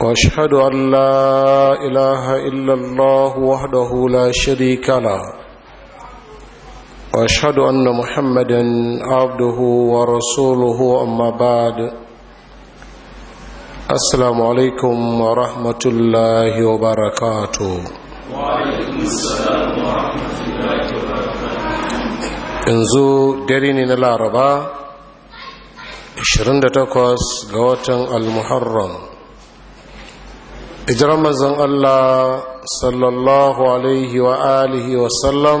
واشهد ان لا اله الا الله وحده لا شريك له واشهد ان محمدا عبده ورسوله اما بعد السلام عليكم ورحمه الله وبركاته وعليكم السلام ورحمه الله وبركاته انزو دريني العربه 28 ga watan al-muharram hijirar mazan Allah sallallahu alaihi wa alihi wa sallam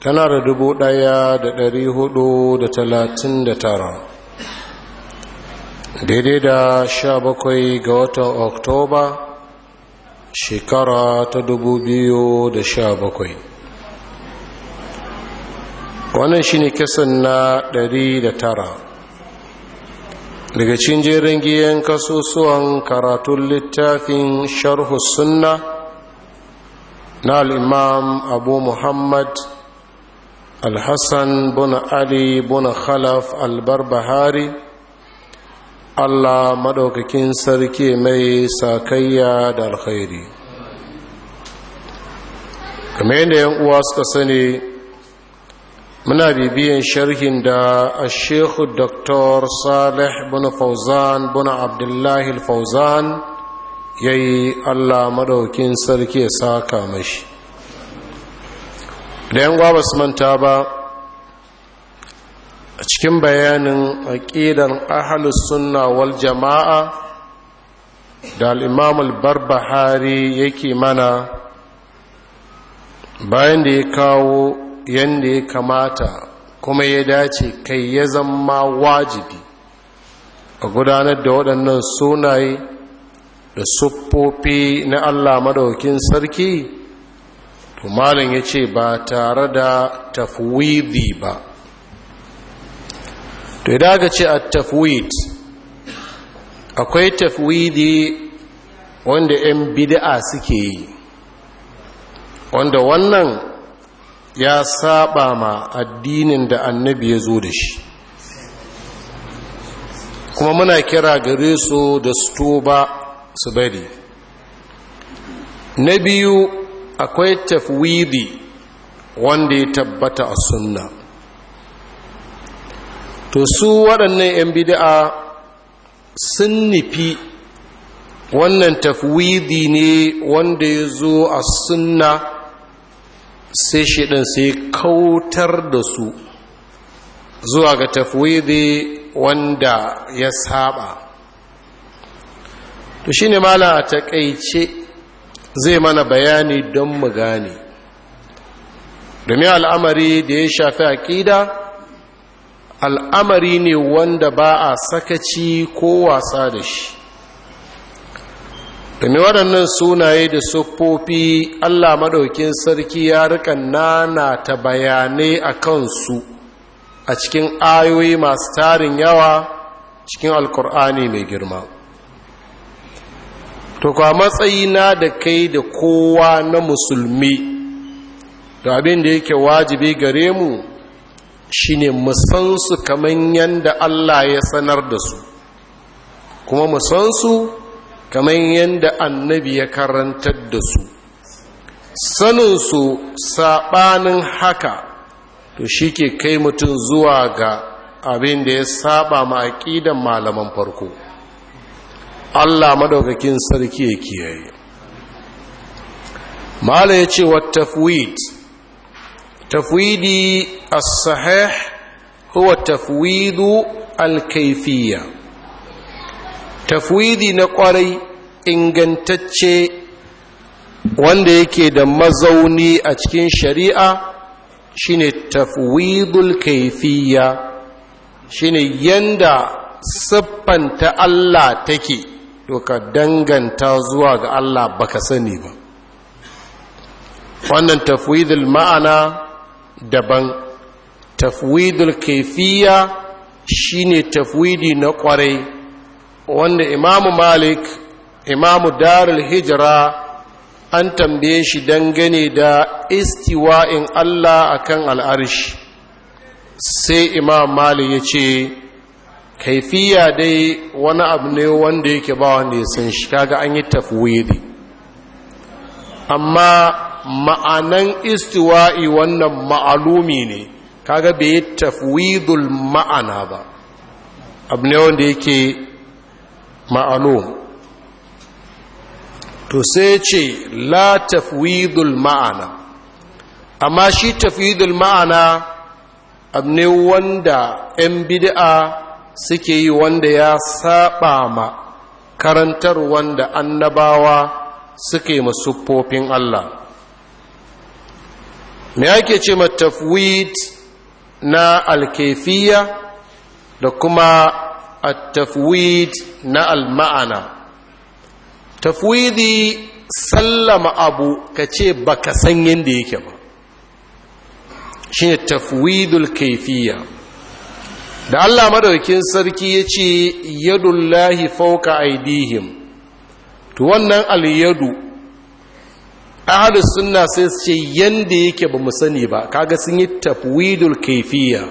tana da dubu ɗaya da dari hudu da talatin da tara daidai da sha bakwai ga watan oktoba shekara ta dubu biyu da sha bakwai wannan shi ne kisan na dari da tara daga cin jerin giyan kasusuwan karatun littafin sharhu sunna na al'imam abu muhammad alhassan buna ali buna khalaf albarbahari allah maɗaukakin sarki mai sakayya da alkhairi kamar yadda yan uwa suka sani muna bibiyan sharhin da ashekhu dr salih bin fauzan bin abdullahi fauzan ya yi allah maɗaukin sarki ya saka mashi da yan gwa su manta ba a cikin bayanin aƙidan ahalus sunna wal jama'a da al'imam al-barbahari yake mana bayan da ya kawo yadda ya kamata kuma ya dace kai ya zama wajibi a gudanar da waɗannan sunaye da siffofi na allah maɗaukin sarki to ya ce ba tare da tafwidi ba to ya daga ce a tafwid akwai tafwidi wanda 'yan bid'a suke yi wanda wannan ya saba ma addinin da annabi ya zo da shi kuma muna kira gare su da su toba su bari na biyu akwai tafwidi wanda ya tabbata a sunna to su waɗannan 'yan bida'a sun nufi wannan tafwidi ne wanda ya zo a sunna sai shaidan sai kautar da su zuwa ga tafwidi wanda ya saba to shine mala a taƙaice zai mana bayani don mu gane domin al'amari da ya shafi aƙida al'amari ne wanda ba a sakaci ko wasa da shi domin waɗannan sunaye da siffofi allah maɗaukin sarki ya rika nana ta bayanai a kansu a cikin ayoyi masu tarin yawa cikin alkur'ani mai girma to kwa matsayina da kai da kowa na musulmi da abin da yake wajibi gare mu shine mu san su kamar yanda Allah ya sanar da su kuma mu su kamar yadda annabi ya karantar da su saninsu saɓanin haka to shi ke kai mutum zuwa ga abin da ya saba ma'aƙidan malaman farko allah maɗaukakin sarki ya kiyaye mala ya ce wa tafwid tafwidi as-sahih huwa tafwidu al-kayfiyya tafwidi na kwarai ingantacce wanda yake da mazauni a cikin shari'a shine tafwidul kaifiyya shine yanda ta Allah take to ka danganta zuwa ga Allah baka sani ba wannan tafwidul ma'ana daban tafwidul kaifiyya shine tafwidi na kwarai wanda imamu malik imamu darul hijira an tambaye shi dangane da istiwa'in Allah akan al'arshi sai imam malik ya ce kaifiya dai wani abu ne wanda yake ba wanda ya san shi kaga an yi tafwidi amma ma'anan istiwa'i wannan ma'alumi ne kaga bai yi tafwidul ma'ana ba abu ne wanda yake ma'alum to sai ce la tafwidul ma'ana amma shi tafwidul ma'ana abne wanda 'yan bid'a suke yi wanda ya saba ma karantar wanda annabawa suke masuffofin Allah me ake ce ma tafwid na alkefiya da kuma at-tafwid na alma'ana tafwidi sallama abu ka ce ba ka san yadda yake ba shi ne tafwidul kaifiya da allah madaukin sarki ya ce yadullahi fauka aidihim to wannan alyadu ahalus sunna sai su ce yadda yake ba mu sani ba kaga sun yi tafwidul kaifiya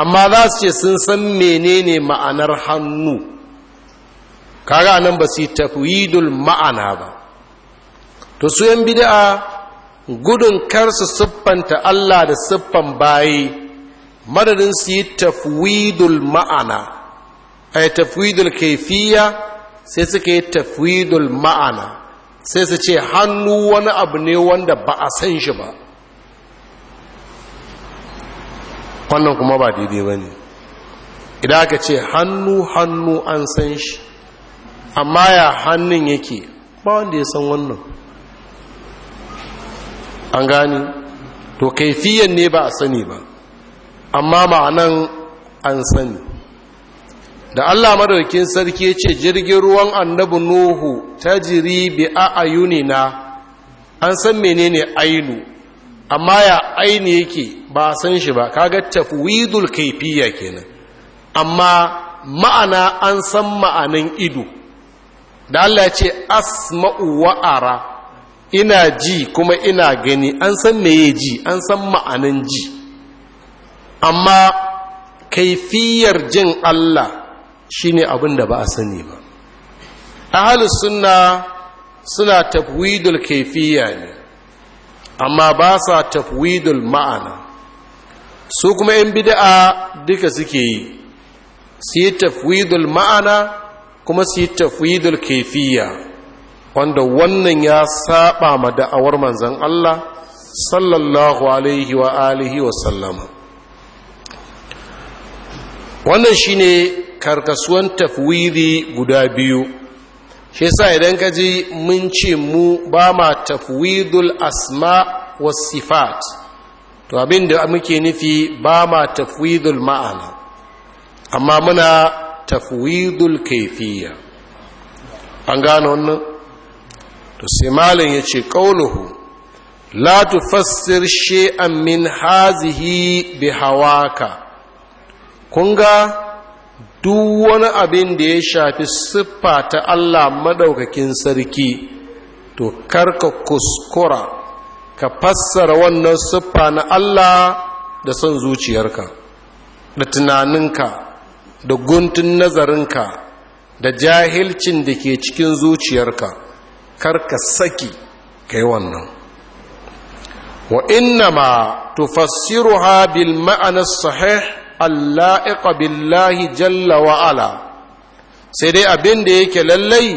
amma za su ce sun san menene ma'anar hannu kaga nan ba su tafwidul ma'ana ba to su yan bid'a gudun kar su siffanta Allah da siffan bayi madadin su yi tafwidul ma'ana ay tafwidul kaifiya sai suka yi tafwidul ma'ana sai su ce hannu wani abu ne wanda ba a san shi ba wannan kuma ba daidai ba ne idan aka ce hannu hannu an san shi amma ya hannun yake ba wanda ya san wannan an gani to kaifiyan ne ba a sani ba amma ma'anan an sani da allah madaukin sarki ya ce jirgin ruwan annabi nuhu ta jiri bi a na an san menene ainu amma ya aini yake ba a san shi ba kaga tafwidul kaifiya kenan amma ma'ana an san ma'anan ido da Allah ya ce asma'u wa'ara ina ji kuma ina gani an san meye ji an san ma'anan ji amma kaifiyar jin Allah shine abin da ba a sani ba ahlus sunna suna tafwidul kaifiya ne amma ba sa tafwidul ma'ana su kuma yan bida'a duka suke yi su yi tafwidul ma'ana kuma su yi tafwidul kefiya wanda wannan ya saba ma da'awar manzan Allah sallallahu alaihi wa alihi wa sallama wannan shine karkasuwan tafwidi guda biyu shi sa idan ka ji mun ce mu ba ma tafwidul asma was sifat to abin da muke nufi ba ma tafwidul ma'ana amma muna tafwidul kaifiya. an gano wannan to sai ya ce kauluhu la tufassir shay'an min hazihi bi hawaka kun ga duk wani abin da ya shafi siffa ta Allah maɗaukakin sarki to karka kuskura ka fassara wannan siffa na Allah da son zuciyarka da tunaninka da guntun nazarinka da jahilcin da ke cikin zuciyarka karka saki kai wannan wa inna ma tufassiruha bil ma'anar sahih alla'iqa jalla wa'ala sai dai abin da yake lallai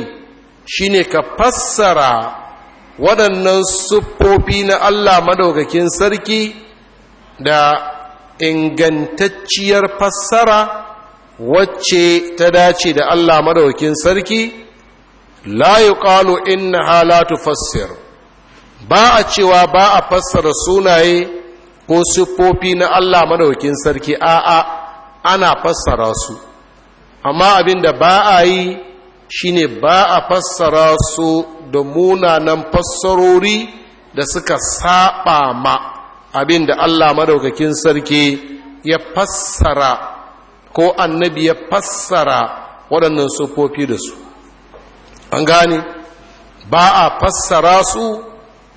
shine ka fassara waɗannan siffofi na Allah madaukakin sarki da ingantacciyar fassara wacce ta dace da Allah madaukakin sarki la ƙalo in halatu fassir, ba a cewa ba a fassara sunaye ko siffofi na Allah madaukin sarki a'a ana fassara su amma abin da ba a yi shine ba a fassara su da munanan fassarori da suka saba ma abin da Allah madaukakin sarki ya fassara ko annabi ya fassara waɗannan siffofi da su an gane ba a fassara su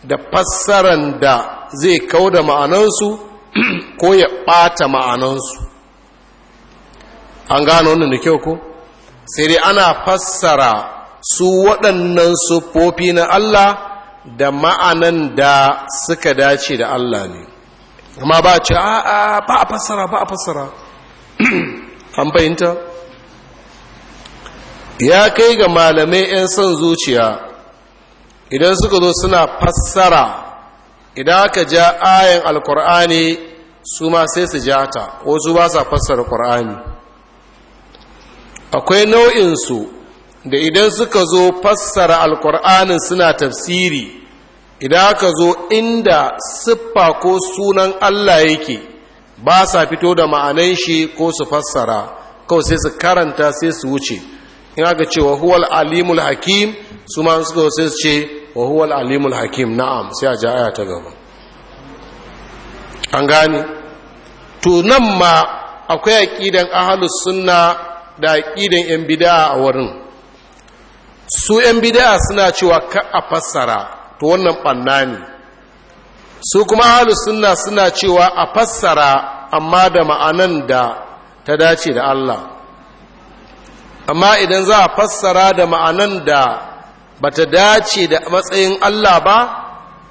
da fassaran da zai kau da ma'anansu ko ya ɓata ma'anansu an gano wannan da kyau ko sai dai ana fassara su waɗannan siffofi na Allah da ma'anan da suka dace da Allah ne amma ba ce a ba a fassara ba a fassara an fahimta ya kai ga malamai 'yan son zuciya idan suka zo suna fassara idan aka ja ayan alkur'ani su ma sai su ja ta su ba sa fassara kur'ani akwai nau'insu da idan suka zo fassara alkur'anin suna tafsiri idan aka zo inda siffa ko sunan allah yake ba sa fito da ma'anan shi ko su fassara kawai sai su karanta sai su wuce in aka ce wa huwal alimul hakim su ma suka sai su ce wa huwa al’alimul alimul hakim na'am sai a ja aya ta gaba an gane Tunan ma akwai aƙidan ahalus suna da aƙidan yan bida'a a wurin su yan bid'a suna cewa ka a fassara to wannan banna ne su kuma ahalus sunna suna cewa a fassara amma da ma'anan da ta dace da Allah amma idan za a fassara da ma'anan da ba ta dace da matsayin Allah ba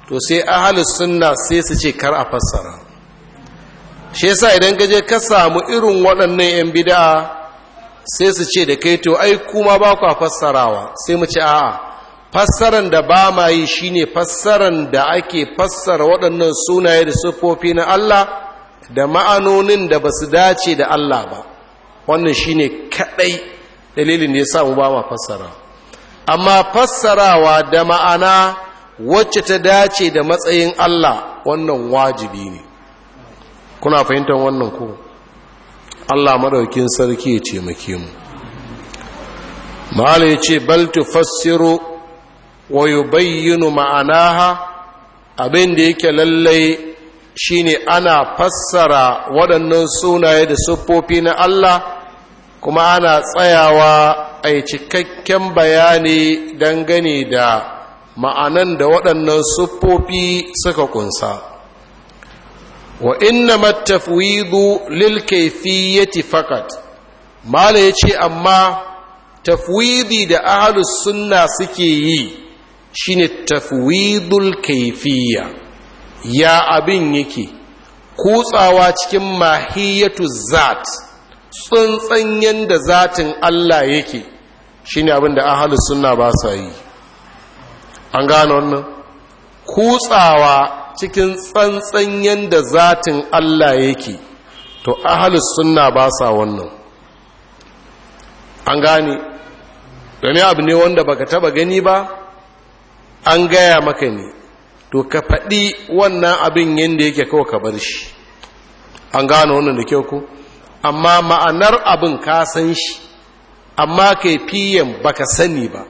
to sai ahalus sunna sai su ce kar a fassara shi yasa idan gaje ka samu irin waɗannan 'yan bida'a sai su ce da kai to ai kuma ba kwa fassarawa sai mu ce a'a fassaran da ba ma yi shi ne fassaran da ake fassara waɗannan sunaye da siffofi na Allah da ma'anonin da ba su dace da Allah ba wannan shi ne kaɗai dalilin da ya samu ba ma fassara amma fassarawa da ma'ana wacce ta dace da matsayin Allah wannan wajibi ne kuna fahimtar wannan ko Allah madaukin sarki ya ce muke mu mala ce, bal tufassiru wa yubayyinu ma'anaha abin da yake lallai shine ana fassara waɗannan sunaye da siffofi na Allah kuma ana tsayawa ai cikakken bayani dangane da ma'anan da waɗannan siffofi suka kunsa wa inna matafwidu lil kayfiyati fakat mala yace amma tafwidi da ahlus sunna suke yi shine tafwidul kayfiyya ya abin yake kutsawa cikin mahiyatu zat tsuntsan da zatin Allah yake ne abin da ahalus suna ba sa yi an gano wannan kutsawa cikin tsantsan yadda zatin Allah yake to ahalus suna ba sa wannan an gane domin abu ne wanda baka taba gani ba an gaya maka ne to ka faɗi wannan abin yadda yake kawai ka bar shi an gano wannan da kyau ku amma ma'anar abin ka san shi amma kaifiyan baka sani ba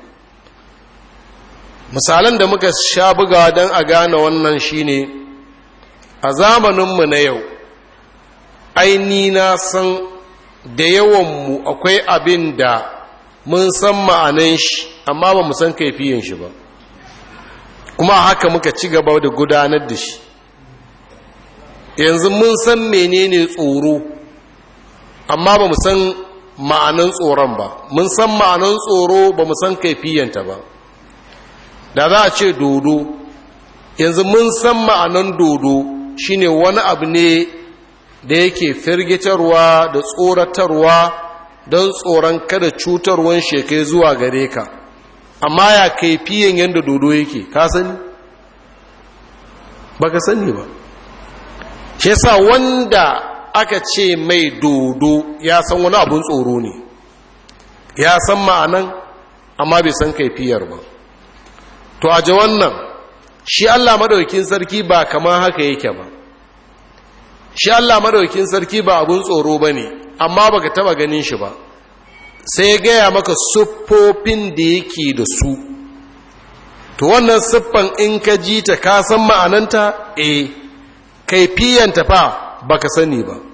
misalan da muka sha buga don a gane wannan shine a zamaninmu na yau aini na san da yawanmu akwai abin da mun san ma'anan shi amma ba mu san kaifiyan shi ba kuma haka muka ci gaba da gudanar da shi yanzu mun san menene tsoro amma ba mu san ma'anan tsoron ba mun san ma'anan tsoro ba mu san kaifiyanta ba da za a ce dodo yanzu mun san ma'anan dodo shine wani abu ne da yake firgitarwa da tsoratarwa don tsoron kada cutarwan shekai zuwa gare ka amma ya kaifiyan yadda dodo yake ka sani ba ka sani ba shi sa wanda aka ce mai dodo ya san wani abun tsoro ne ya san ma'anan amma bai san kaifiyar ba to a ji wannan shi allah madaukin sarki ba kamar haka yake ba shi allah madaukin sarki ba abun tsoro ba ne amma baka taba ganin shi ba sai ya gaya maka siffofin da yake da su to wannan siffan in ka ji ta kasan san ma'ananta eh kaifiyanta fa ka sani ba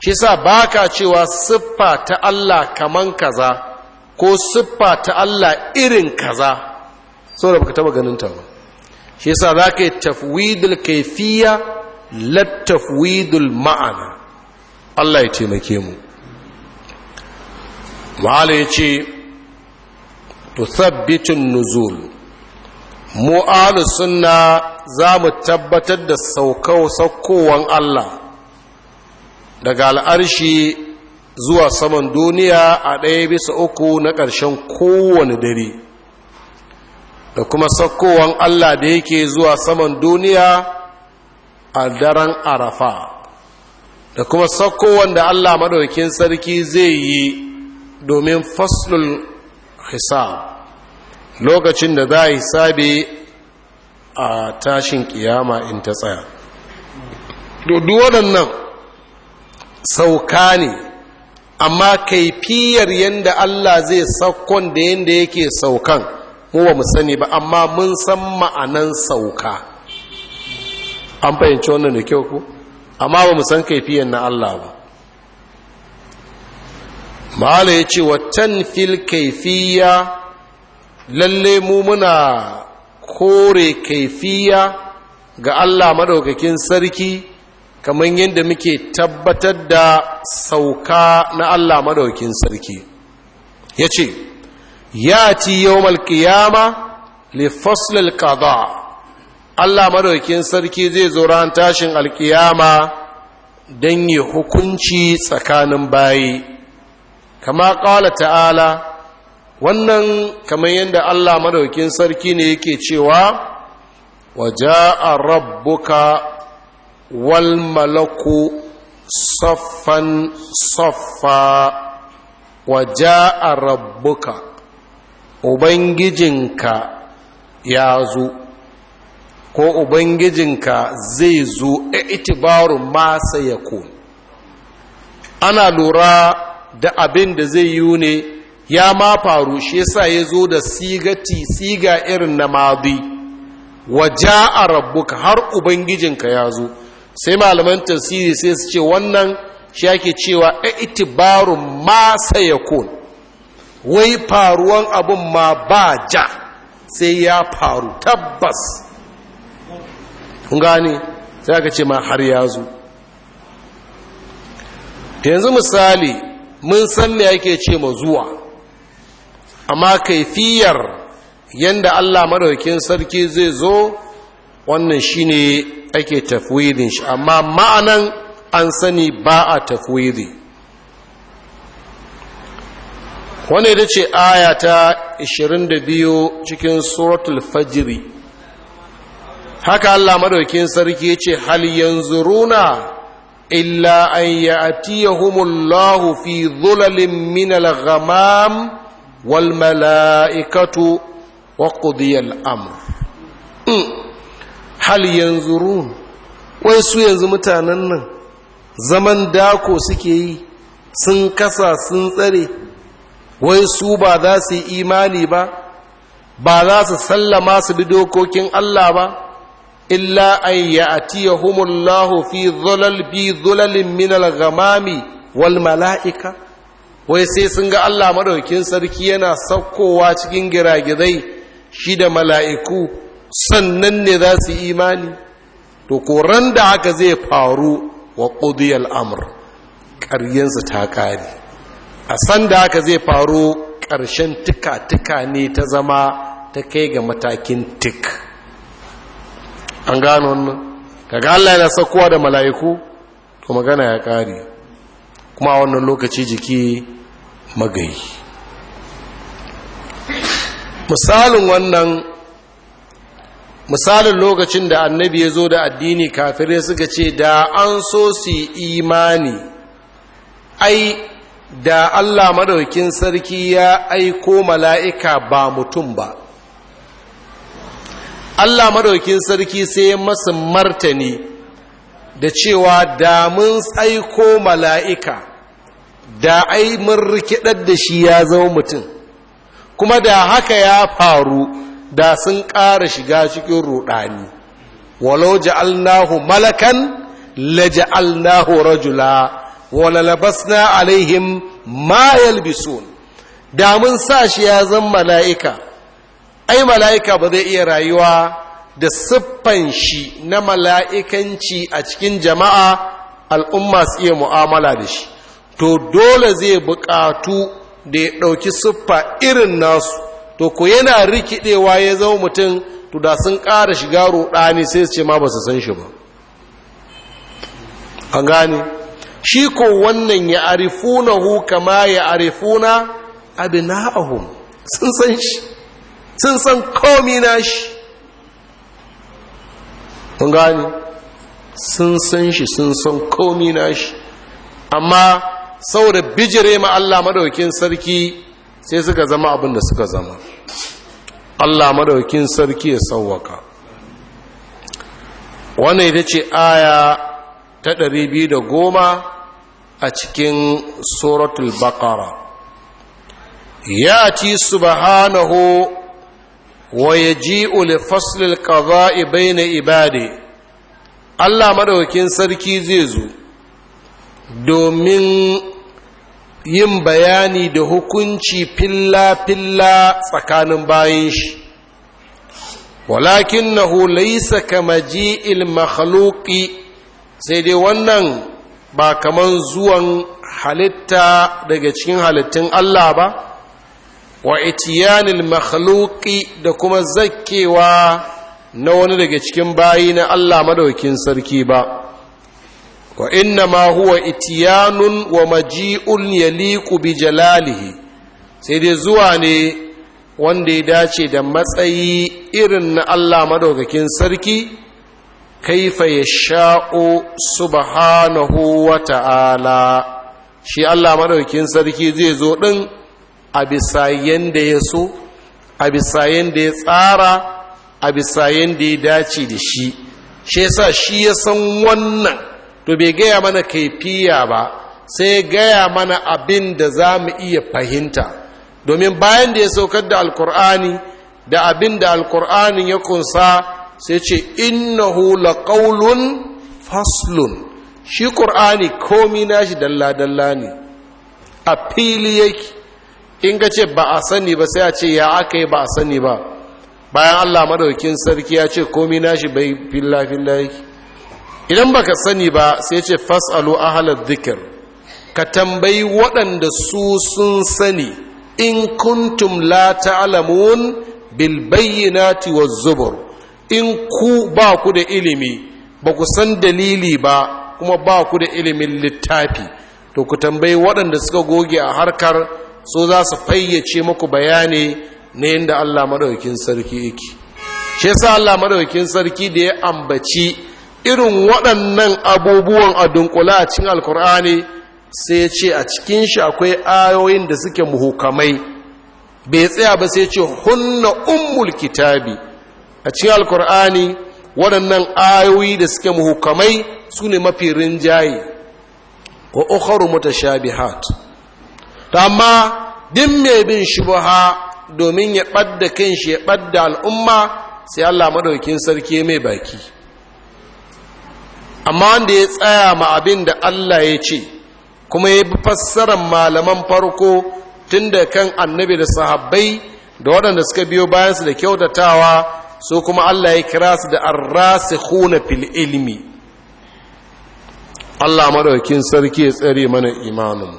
shi sa baka cewa siffa ta Allah kaman kaza ko siffa ta Allah irin kaza da baka taba ganin ta ba shi za zaka yi tafwidul kaifiya la ma'ana Allah ya taimake mu ma'ala yace tuthabbitu nuzul mu ahlu sunna zamu tabbatar da saukowar saukowan Allah daga al'arshi zuwa saman duniya a ɗaya bisa uku na ƙarshen kowane dare da kuma sakkowan Allah da yake zuwa saman duniya a daren arafa da kuma saukowar da Allah maɗaukin sarki zai yi domin faslul hisab lokacin da za a hisabe a tashin ƙiyama in ta tsaya duk waɗannan sauka ne amma kaifiyar yadda Allah zai saukon da yadda yake saukan mu ba mu sani ba amma mun san ma'anan sauka an fahimci wannan da kyau ku amma ba mu san kaifiyar na Allah ba ma'ala ya ce watan fil kaifiya lalle mu muna kore kaifiya ga Allah madaukakin sarki kamar yadda muke tabbatar da sauka na Allah maɗaukin sarki ya ce ya ci yau malkiyama lifaslil qada Allah maɗaukin sarki zai zo ran tashin alkiyama don yi hukunci tsakanin bayi kama ƙala ta'ala wannan kamar yadda Allah maɗaukin sarki ne yake cewa waja a rabbuka wal malaku saffan saffa wa ja'a rabbuka ya zo ko ubangijinka zai zo a e itibaru masa ya ana lura da abin da zai yi ne ya ma faru shi yasa ya zo da sigati siga irin na madi wa ja'a rabbuka har ubangijinka ya zo sai malaman tasiri sai su ce wannan shi ake cewa a itibarun ma kun wai faruwan abin ma ba ja sai ya faru tabbas kun gane sai aka ce ma har ya zo yanzu misali mun san me yake ce ma zuwa amma kaifiyar yadda Allah madaukakin sarki zai zo wannan shine ake tafwidin shi amma ma'anan an sani ba a tafwidi wani da ce aya ta 22 cikin suratul fajiri haka Allah madaukin sarki ce hal runa illa an ya'tiyahumullahu fi zulalin min al-ghamam wal mala'ikatu wa qudiya al-amr hmm. hal yanzu ruhun wai su yanzu mutanen nan zaman dako suke yi sun kasa sun tsare wai su ba za su yi imani ba ba za su sallama su bi dokokin Allah ba illa an ya ya'tiyahumullahu fi dhulal bi dhulalin min al wal mala'ika wai sai sun ga Allah madaukin sarki yana saukowa cikin giragizai shi da mala'iku sannan ne za su yi imani to koran da haka zai faru wa ƙudiyar amur ƙaryensu ta ƙari a san da haka zai faru ƙarshen tuka-tuka ne ta zama ta kai ga matakin tik an gano wannan kaga Allah yana saukowa da mala'iku to magana ya ƙari kuma a wannan lokaci jiki magayi misalin wannan misalin lokacin da annabi ya zo da addini kafirai suka ce da an so su imani ai da allah madaukin sarki ya aiko mala'ika ba mutum ba allah madaukin sarki sai masu martani da cewa da mun aiko mala'ika da ai mun rikidar da shi ya zama mutum kuma da haka ya faru da sun ƙara shiga cikin ruɗani walau ja'alnahu malakan laja'alnahu rajula wala labasna alaihim ma yalbisun da mun sa shi ya zan mala'ika ai mala'ika ba zai iya rayuwa da siffan shi na mala'ikanci a cikin jama'a al'umma su iya mu'amala da shi to dole zai buƙatu da ya ɗauki siffa irin nasu to ku yana rikidewa ya zama mutum to da sun ƙara shiga ruɗani sai su ce ma ba su san shi ba an gane shi ko wannan ya hu kama ya arifuna abina'ahum sun san shi sun san komi na shi an gane sun san shi sun san komi na shi amma saboda bijire ma Allah madaukin sarki sai suka zama abin da suka zama Allah madaukin sarki ya sauwaka wannan ita ce aya ta biyu da goma a cikin suratul baqara yati subhanahu wa yaji'u li fasl al-qada'i na ibadi Allah madaukin sarki zai zo domin yin bayani da hukunci filla-filla tsakanin bayan shi walakin na hulai kama ji'il makhluki sai dai wannan ba kaman zuwan halitta daga cikin halittun Allah ba wa itiyanil makhluki da kuma zakkewa na wani daga cikin bayi na Allah madaukin sarki ba wa inna ma huwa itiyanun wa maji'un yaliqu bi jalalihi sai dai zuwa ne wanda ya dace da matsayi irin na Allah madaukakin sarki kaifa yasha'u subhanahu wa ta'ala shi Allah madaukakin sarki zai zo din a bisayen da ya so a bisayen da ya tsara a bisayen da ya dace da shi shi shi ya san wannan to bai gaya mana kaifiya ba sai gaya mana abin da za mu iya fahimta domin bayan da ya saukar da alkur'ani da abin da alkur'anin ya kunsa sai ce hula laqawlun faslun shi ƙur'ani komi nashi dalla-dalla ne a fili yake in ka ce ba a sani ba sai a ce ya aka yi ba a sani ba bayan allah madaukin sarki ya ce komi nashi bai fila-fila yake idan baka sani ba sai ce fasalu ahalar zikir ka tambayi waɗanda su sun sani in kuntum la ta'lamun bil bayyinati wa zubur in ku ba ku da ilimi ba ku san dalili ba kuma ba ku da ilimin littafi to ku tambayi waɗanda suka goge a harkar so za su fayyace maku bayani na yadda Allah maɗaukin sarki yake shi yasa Allah madaukakin sarki da ya ambaci irin waɗannan abubuwan a dunkula a cikin alkur'ani sai ce a cikin shi akwai ayoyin da suke muhukamai bai tsaya ba sai ce hunna ummul kitabi a cikin alkur'ani waɗannan ayoyi da suke muhukamai su ne mafi rinjaye wa ukharu mutashabihat ta amma din mai bin shubha domin ya ɓadda kan shi ya ɓadda al'umma sai Allah madaukin sarki mai baki amma wanda ya tsaya ma abin da Allah ya ce kuma ya bi fassarar malaman farko tun da kan annabi da sahabbai da waɗanda suka biyo su da kyautatawa su kuma Allah ya kira su da huna fil ilimi. Allah madaukin sarki ya tsare mana imanin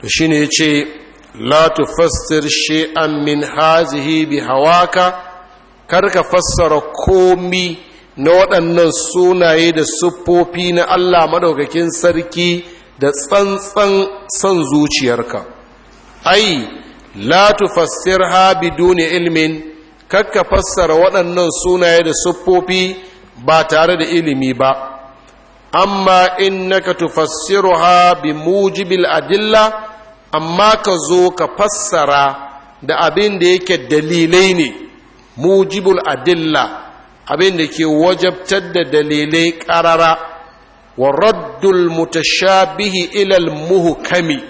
to shine yace la tufassir shay'an min hazihi bi hawaka karka fassara komi na waɗannan sunaye da siffofi na Allah maɗaukakin sarki da tsantsan son zuciyarka ai la tufassirha biduni ilmin kakka fassara waɗannan sunaye da siffofi ba tare da ilimi ba amma in na innaka ha bi mujibil adilla amma ka zo ka fassara da abin da yake dalilai ne mujibul adilla abin da ke wajabtar da dalilai ƙarara wa raddul mutashabihi ilal muhukami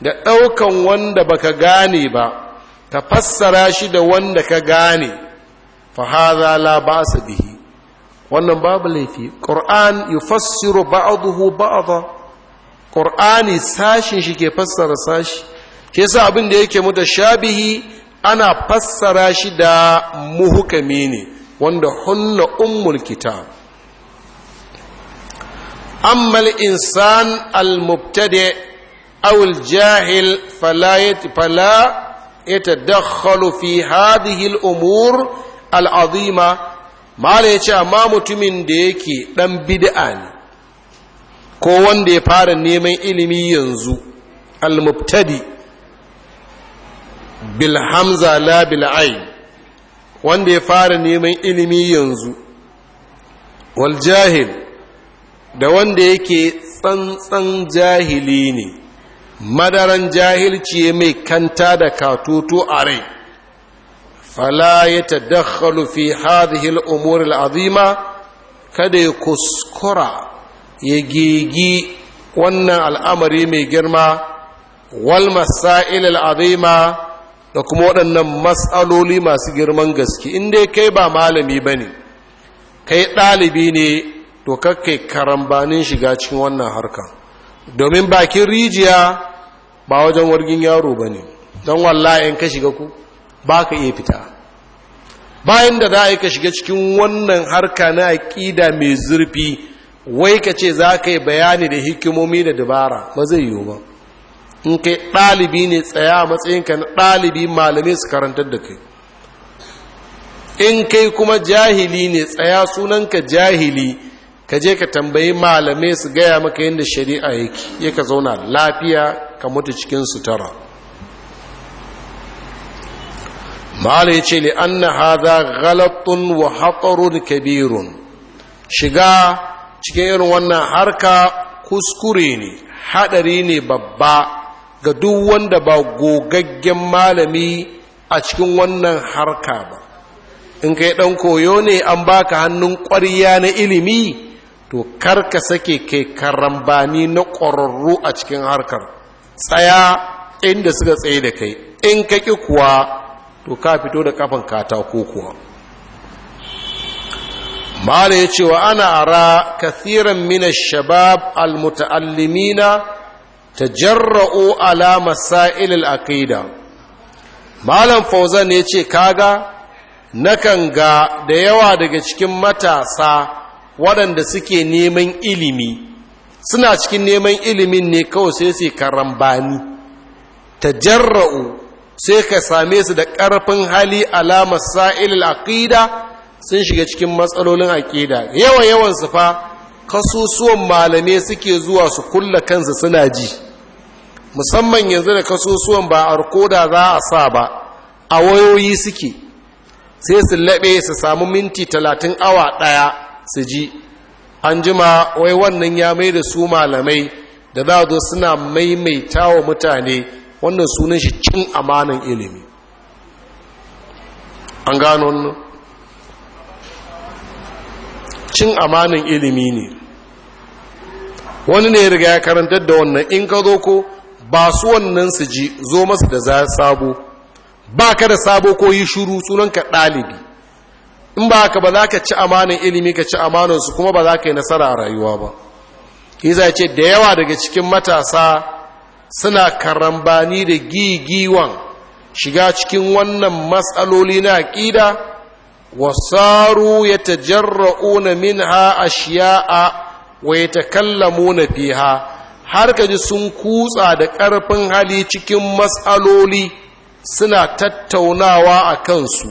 da ɗaukan wanda baka gane ba ka fassara shi da wanda ka gane fa hadha la ba'sa bihi wannan babu laifi qur'an yufassiru ba'dahu ba'dha qur'ani sashin shi ke fassara sashi Ke sa abin da yake mutashabihi ana fassara shi da muhukami ne wanda hunna ummul kitab amma al-insan al-mubtadi aw al-jahil fala fala yatadakhalu fi hadhihi al-umur al-azima mala yace amma mutumin da yake dan bid'a ne ko wanda ya fara neman ilimi yanzu al-mubtadi bil hamza la bil ayn wanda ya fara neman ilimi yanzu wal jahil da wanda yake tsantsan jahili ne madaran jahilci mai kanta da katoto a rai fala ya dakhalu fi hadhihi al-umur al-azima kada ya kuskura ya gigi wannan al'amari mai girma wal masail al-azima da kuma waɗannan matsaloli masu girman gaske in dai kai ba malami ba ne kai ɗalibi ne to kakkai karambanin shiga cikin wannan harka domin bakin rijiya ba wajen wargin yaro ba ne don in ka shiga ku ba ka iya fita bayan da za a yi ka shiga cikin wannan harka na aƙida mai zurfi wai ka ce za ka yi bayani da hikimomi da dabara ba zai yiwu ba in kai ɗalibi ne tsaya a matsayinka na ɗalibi malamai su karantar da kai in kai kuma jahili ne tsaya sunanka jahili ka je ka tambayi malamai su gaya maka yadda shari'a yake ya ka zauna lafiya ka mutu cikin sutara ma'ala ya ce li na haza galatun wa haƙarun kabirun shiga cikin irin wannan harka kuskure ne haɗari ne babba ga duk wanda ba gogaggen malami a cikin wannan harka ba in kai ɗan koyo ne an baka hannun ƙwarya na ilimi to karka sake kai karambani na ƙwararru a cikin harkar tsaya inda suka tsaye da kai in ka ƙi kuwa to ka fito da ƙafan katako kuwa mala ya ce wa ana ara kathiran mina shabab almuta'allimina tajarra'u ala masail al-aqida malam fauzan yace kaga nakan ga da yawa daga cikin matasa waɗanda suke neman ilimi suna cikin neman ilimin ne kawai sai su karambani tajarra'u sai ka same su da ƙarfin hali alama sa'il aqida sun shiga cikin matsalolin aƙida yawa yawan su fa kasusuwan malamai suke zuwa su kulla kansu suna ji musamman yanzu da kasusuwan ba a rikoda za a sa ba a wayoyi suke sai su laɓe su samu minti talatin awa ɗaya su ji an jima wai wannan ya mai da su malamai da za zo suna maimaita wa mutane wannan sunan shi cin amanan ilimi an gano wannan cin amanin ilimi ne wani ne riga ya karantar da wannan in ka zo ko ba su wannan su ji zo masa da za sabo ba ka da sabo ko yi shuru sunanka ɗalibi in ba ka ba za ka ci amanin ilimi ka ci amanansu kuma ba za ka yi nasara a rayuwa ba za ce da yawa daga cikin matasa suna karambani da gigiwan shiga cikin wannan matsaloli na aƙida wasaru ya منها minha ويتكلمون فيها ya takallamuna fiha har kaji sun kutsa da ƙarfin hali cikin matsaloli suna tattaunawa a kansu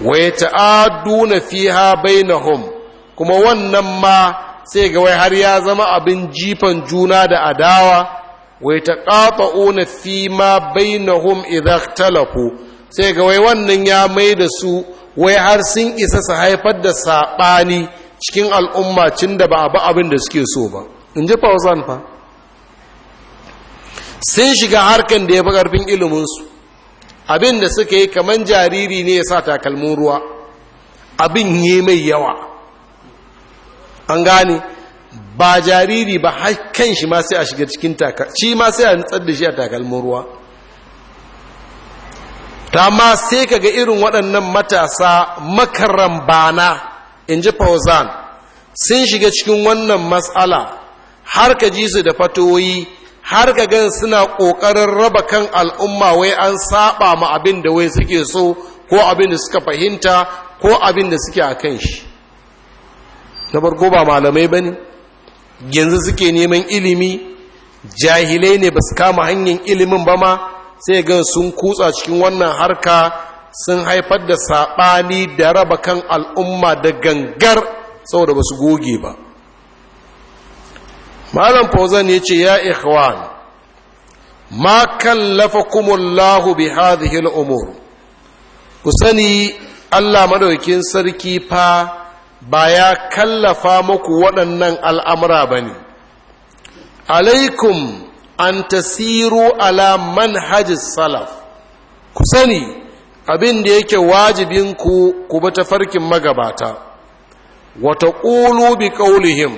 wa ya ta'aduna fiha bainahum kuma wannan ma sai ga wai har ya zama abin jifan juna da adawa waye ta taƙafa'una fi ma bainahum idan ikhtalafu sai ga wai wannan ya mai da su wai har sun isa su haifar da saɓani cikin al'umma cin da ba a ba abin da suke so ba in ji fauzan fa sun shiga harkan da ya fi ƙarfin iliminsu abin da suka yi kamar jariri ne ya sa takalmin ruwa abin yi mai yawa an gane ba jariri ba kan shi ma sai a shiga cikin takalmin shi ma sai a nutsar da shi a takalmin ruwa ta ma sai ka ga irin waɗannan matasa makaran bana in ji fauzan sun shiga cikin wannan matsala har ka ji su da fatoyi har ka gan suna ƙoƙarin raba kan al'umma wai an saba ma abin da wai suke so ko abin da suka fahimta ko abin da suke a kan shi na farko ba malamai ba ne yanzu suke neman ilimi jahilai ne ba su kama hanyar ilimin ba ma sai ga sun kutsa cikin wannan harka sun haifar da saɓani da raba kan al'umma da gangar saboda ba su goge ba malam fauzan ya ce ya ikhwan ma kumullahu bi hadhihi al-umur ku sani Allah madaukin sarki fa ba ya kallafa muku waɗannan al'amura ba ne alaikum an tasiru ala manhajis salaf ku sani abin da yake wajibinku ku bi farkin magabata wata ƙulu bi ƙaulihim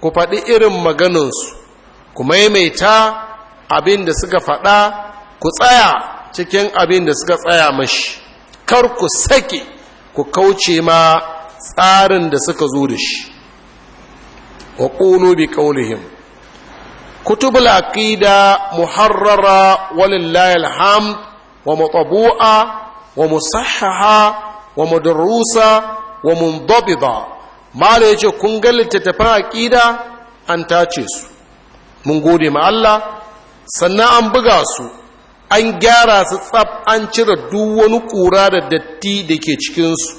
ku faɗi irin maganinsu ku maimaita abin da suka faɗa ku tsaya cikin abin da suka tsaya mashi kar ku sake ku kauce ma tsarin da suka zo da shi wa ƙulu bi ƙaulihim kutubul aƙida muharrara walillahi alhamd wa mutabu'a wa musahhaha wa mudrusa wa mundabida mala yace kun ga littattafan aqida an tace su mun gode ma Allah sannan an buga su an gyara su tsaf an cire duk wani kura da datti da ke cikin su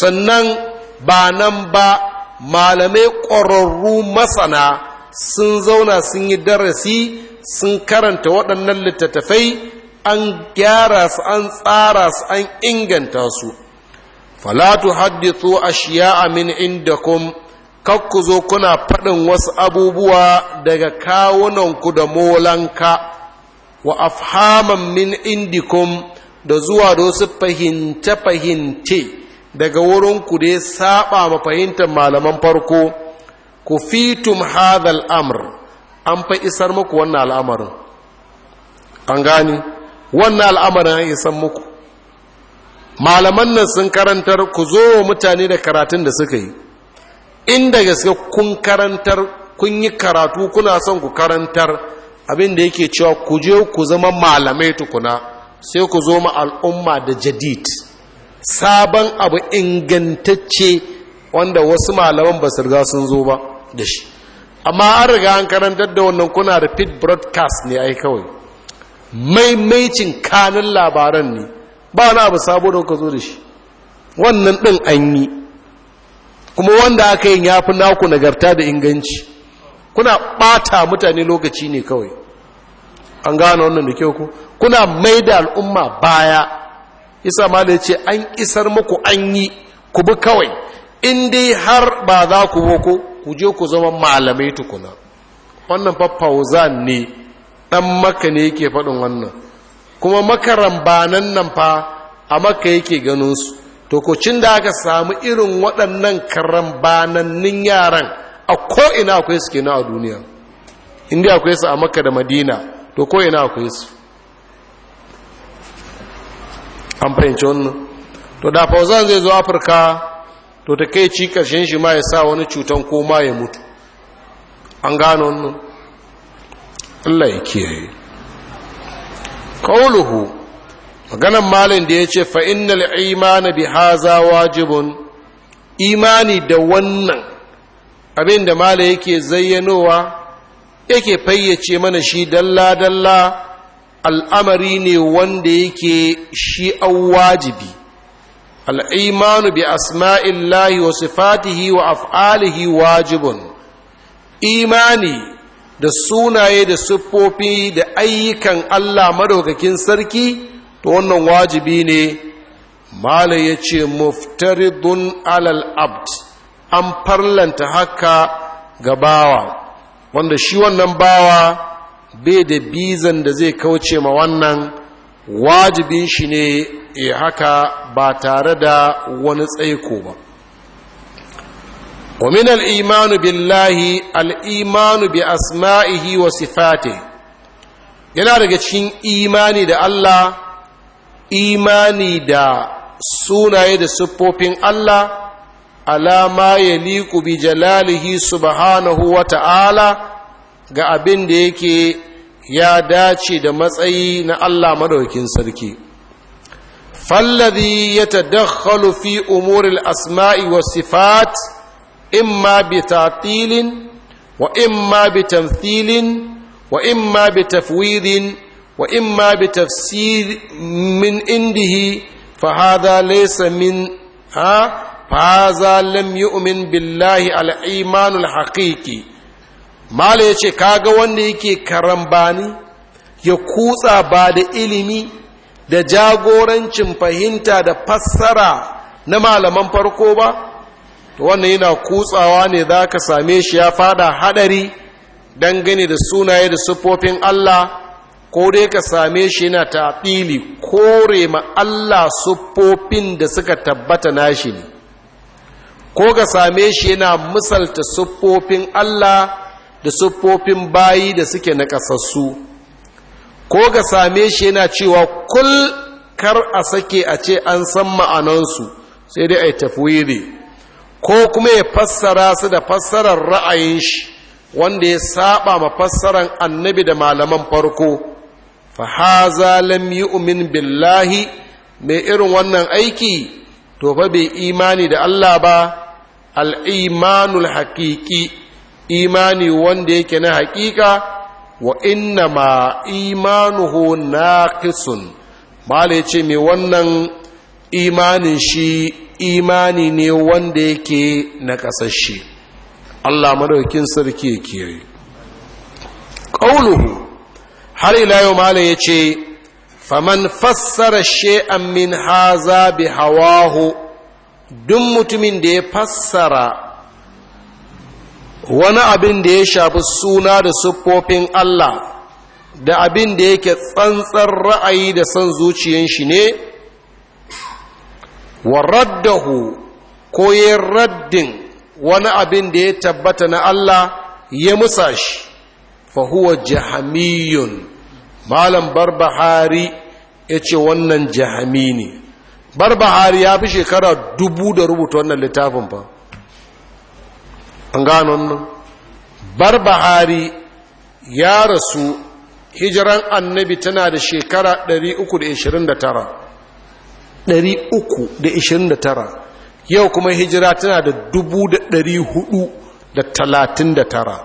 sannan ba nan ba malamai ƙwararru masana sun zauna sun yi darasi sun karanta waɗannan littattafai an gyara su an tsara su an inganta su falatu haddithu ashiya'a min indakum kakku zo kuna faɗin wasu abubuwa daga kawunanku da molanka wa afhaman min indikum da zuwa da wasu fahimta fahimce daga wurinku da ya saba ma fahimtar malaman farko Ku fitum hadhal amr an fa isar muku wannan al'amarin an gani wannan al'amarin an isar muku malaman nan sun karantar ku zo mutane da karatun da suka yi inda gaske kun karantar kun yi karatu kuna son ku karantar abin da yake cewa ku je ku zama malamai tukuna sai ku zo ma al'umma da jadid sabon abu ingantacce wanda wasu malaman ba riga sun zo ba da shi amma an riga an karantar da wannan kuna repeat broadcast ne ai kawai maimaicin kanin labaran ne ba na abu sabo da kuka zo da shi wannan ɗin an yi kuma wanda aka yin ya fi naku nagarta da inganci kuna ɓata mutane lokaci ne kawai an gano wannan da kyau ku kuna mai da al'umma baya isa ma da ce an isar muku an yi ku bi kawai in dai har ba za ku boko ku je ku zama malamai tukuna wannan fa fauzan ne dan maka ne yake faɗin wannan kuma makaran banan nan fa a maka yake ganin su to ko cin da aka samu irin waɗannan banannin yaran a ko'ina akwai su kenan a duniya inda akwai su a maka da madina to ko'ina akwai su an fahimci wannan to da fauzan zai zo afirka to ta kai ci ƙarshen shi ma ya sa wani cutan ko ma ya mutu an gano wannan Allah ya kiyaye kauluhu maganan malin da ya ce fa'innal imani bi haza wajibun imani da wannan abin da mala yake zayyanowa yake fayyace mana shi dalla-dalla al'amari ne wanda yake shi an wajibi الايمان bi asma'illahi wa sifatihi wa af'alihi wajibin. imani da sunaye da siffofi da ayyukan Allah madaukakin sarki to wannan wajibi ne malai ya ce muftaridun alal abd an farlanta haka ga bawa wanda shi wannan bawa bai da bizan da zai kauce ma wannan wajibin shi ne eh, haka ba tare da wani tsaiko ba ومن الإيمان بالله asma'ihi wa Sifate yana daga cikin imani da Allah imani da sunaye da siffofin Allah alama ya liku bi jalalihi subhanahu wa ta'ala ga abin da yake ya dace da matsayi na Allah madaukin sarki fallazi yatadakhalu fi umuril asma'i was sifat imma bi ta'tilin wa imma bi tamthilin wa imma bi tafwidin wa imma bi tafsir min indihi fa hadha laysa min ha fa hadha lam yu'min billahi al haƙiƙi. haqiqi mala ya ce kaga wanda yake karambani ya kutsa ba da ilimi da jagorancin fahimta da fassara na malaman farko ba to wannan yana kutsawa ne za ka same shi ya fada hadari dangane da sunaye da sufofin Allah ko dai ka same shi yana taɓili kore ma Allah sufofin da suka tabbata nashi ne ko ka same shi yana misalta sufofin Allah da siffofin bayi da suke naƙasassu. ko ga same shi yana cewa kul kar a sake a ce an san ma'anansu sai dai a yi tafwiri ko kuma ya fassara su da fassarar ra'ayin shi wanda ya saba ma fassarar annabi da malaman farko fa haza yi umin billahi mai irin wannan aiki to fa bai imani da Allah ba al-imanul haqiqi imani wanda yake na haƙiƙa wa inna ma imanuhu naqisun mala yace mai wannan imanin shi imani ne wanda yake na ƙasashe Allah madaukin sarki ya kiyaye qauluhu har ila yau mala yace faman fassara shay'an min haza bi hawahu duk mutumin da ya fassara wani abin da ya shafi suna da siffofin Allah da abin da yake tsantsar ra'ayi da son zuciyan shi ne wa raddahu ko ya raddin wani abin da ya tabbata na Allah ya musa shi fa huwa jahamiyun malam barbahari ya ce wannan jahami ne barbahari ya fi shekara dubu da rubuta wannan littafin ba an gano nan. barbahari ya rasu hijiran annabi tana da shekara 329 329 yau kuma hijira tana da 439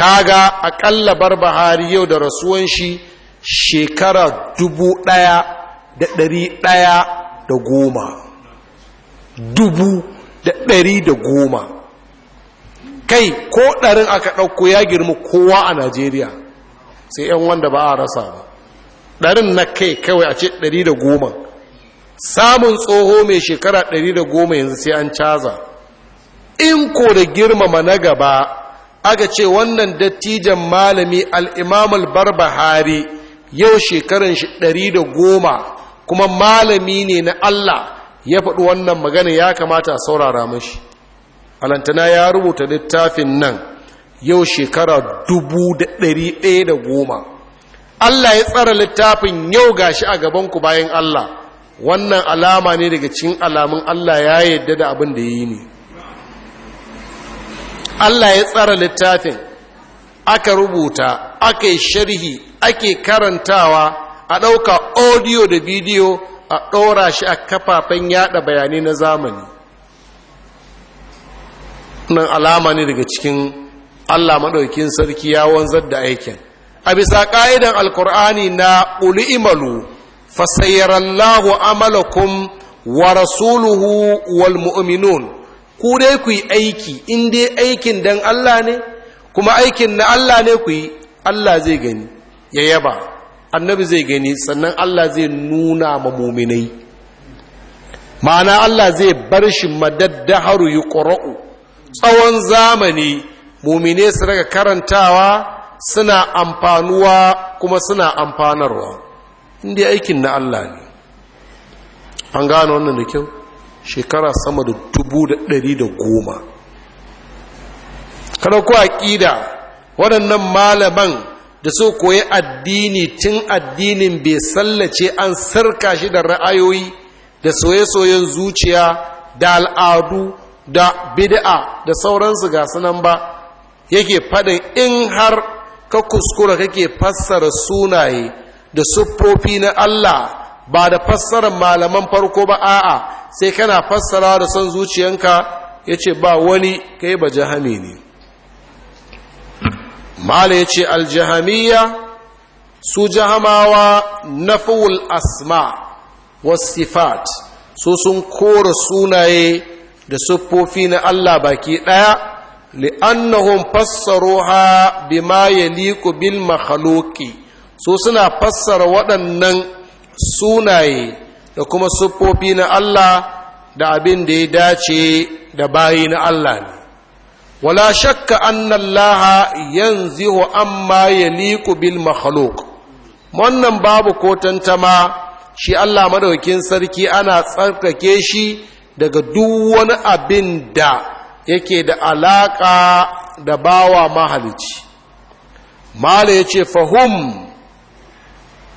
kaga akalla barbahari yau da rasuwan shi shekara 1100 dubu da ɗari da goma kai ko ɗarin aka ɗauko ya girma kowa a najeriya sai 'yan wanda ba a rasa ba ɗarin na kai kawai a ce ɗari da goma samun tsoho mai shekara ɗari da goma yanzu sai an caza in ko da girmama na gaba aka ce wannan dattijan malami al'imamul barbahari yau shekaran shi ɗari da goma kuma malami ne na allah ya faɗi wannan magana ya kamata a saurara mashi alantana ya rubuta littafin nan yau shekara dubu ɗari ɗaya da goma allah ya tsara littafin yau ga shi a gabanku bayan allah wannan alama ne daga cikin alamun allah ya yadda da abin da ya yi ne allah ya tsara littafin aka rubuta aka yi sharhi ake karantawa a ɗauka audio da bidiyo a ɗora shi a kafafen yada bayanai na zamani nan alama ne daga cikin allah maɗaukin sarki ya wanzar da aikin a bisa ƙa'idan alkur'ani na ƙuli imalu fasayyarallahu amalakum wa rasuluhu wal mu'minun ku dai ku yi aiki in dai aikin dan allah ne kuma aikin na allah ne ku yi allah zai gani ya yaba annabi zai gani sannan Allah zai nuna ma muminai ma'ana Allah zai bar shi haru yi ƙura'u tsawon zamani muminai su daga karantawa suna amfanuwa kuma suna amfanarwa inda aikin na Allah ne an gano wannan da kyau shekara sama da dubu da ɗari da goma kada ku aƙida waɗannan malaman da so koyi addini tun addinin bai sallace an sarka shi da ra'ayoyi da soye-soyen zuciya da al'adu da bid'a da sauransu ga sunan ba yake faɗin in har ka kuskura kake fassara sunaye da siffofi na Allah ba da fassarar malaman farko ba a'a sai kana fassara da son zuciyanka ya ce ba wani kai ba jahane ne mala ya ce aljihamiya su jahamawa nafawul asma wasifat su sun kora sunaye da siffofi na allah baki ɗaya li'annahum fassaruha bima yaliku bil makhluqi su suna fassara waɗannan sunaye da kuma siffofi na allah da abin da ya dace da bayi na allah ne wala shakka annan الله yanzihu amma يليق bil makhluq wannan babu ko tantama shi Allah madaukin sarki ana tsarkake shi daga duk wani abin da yake da alaka da bawa mahalici mala yace fahum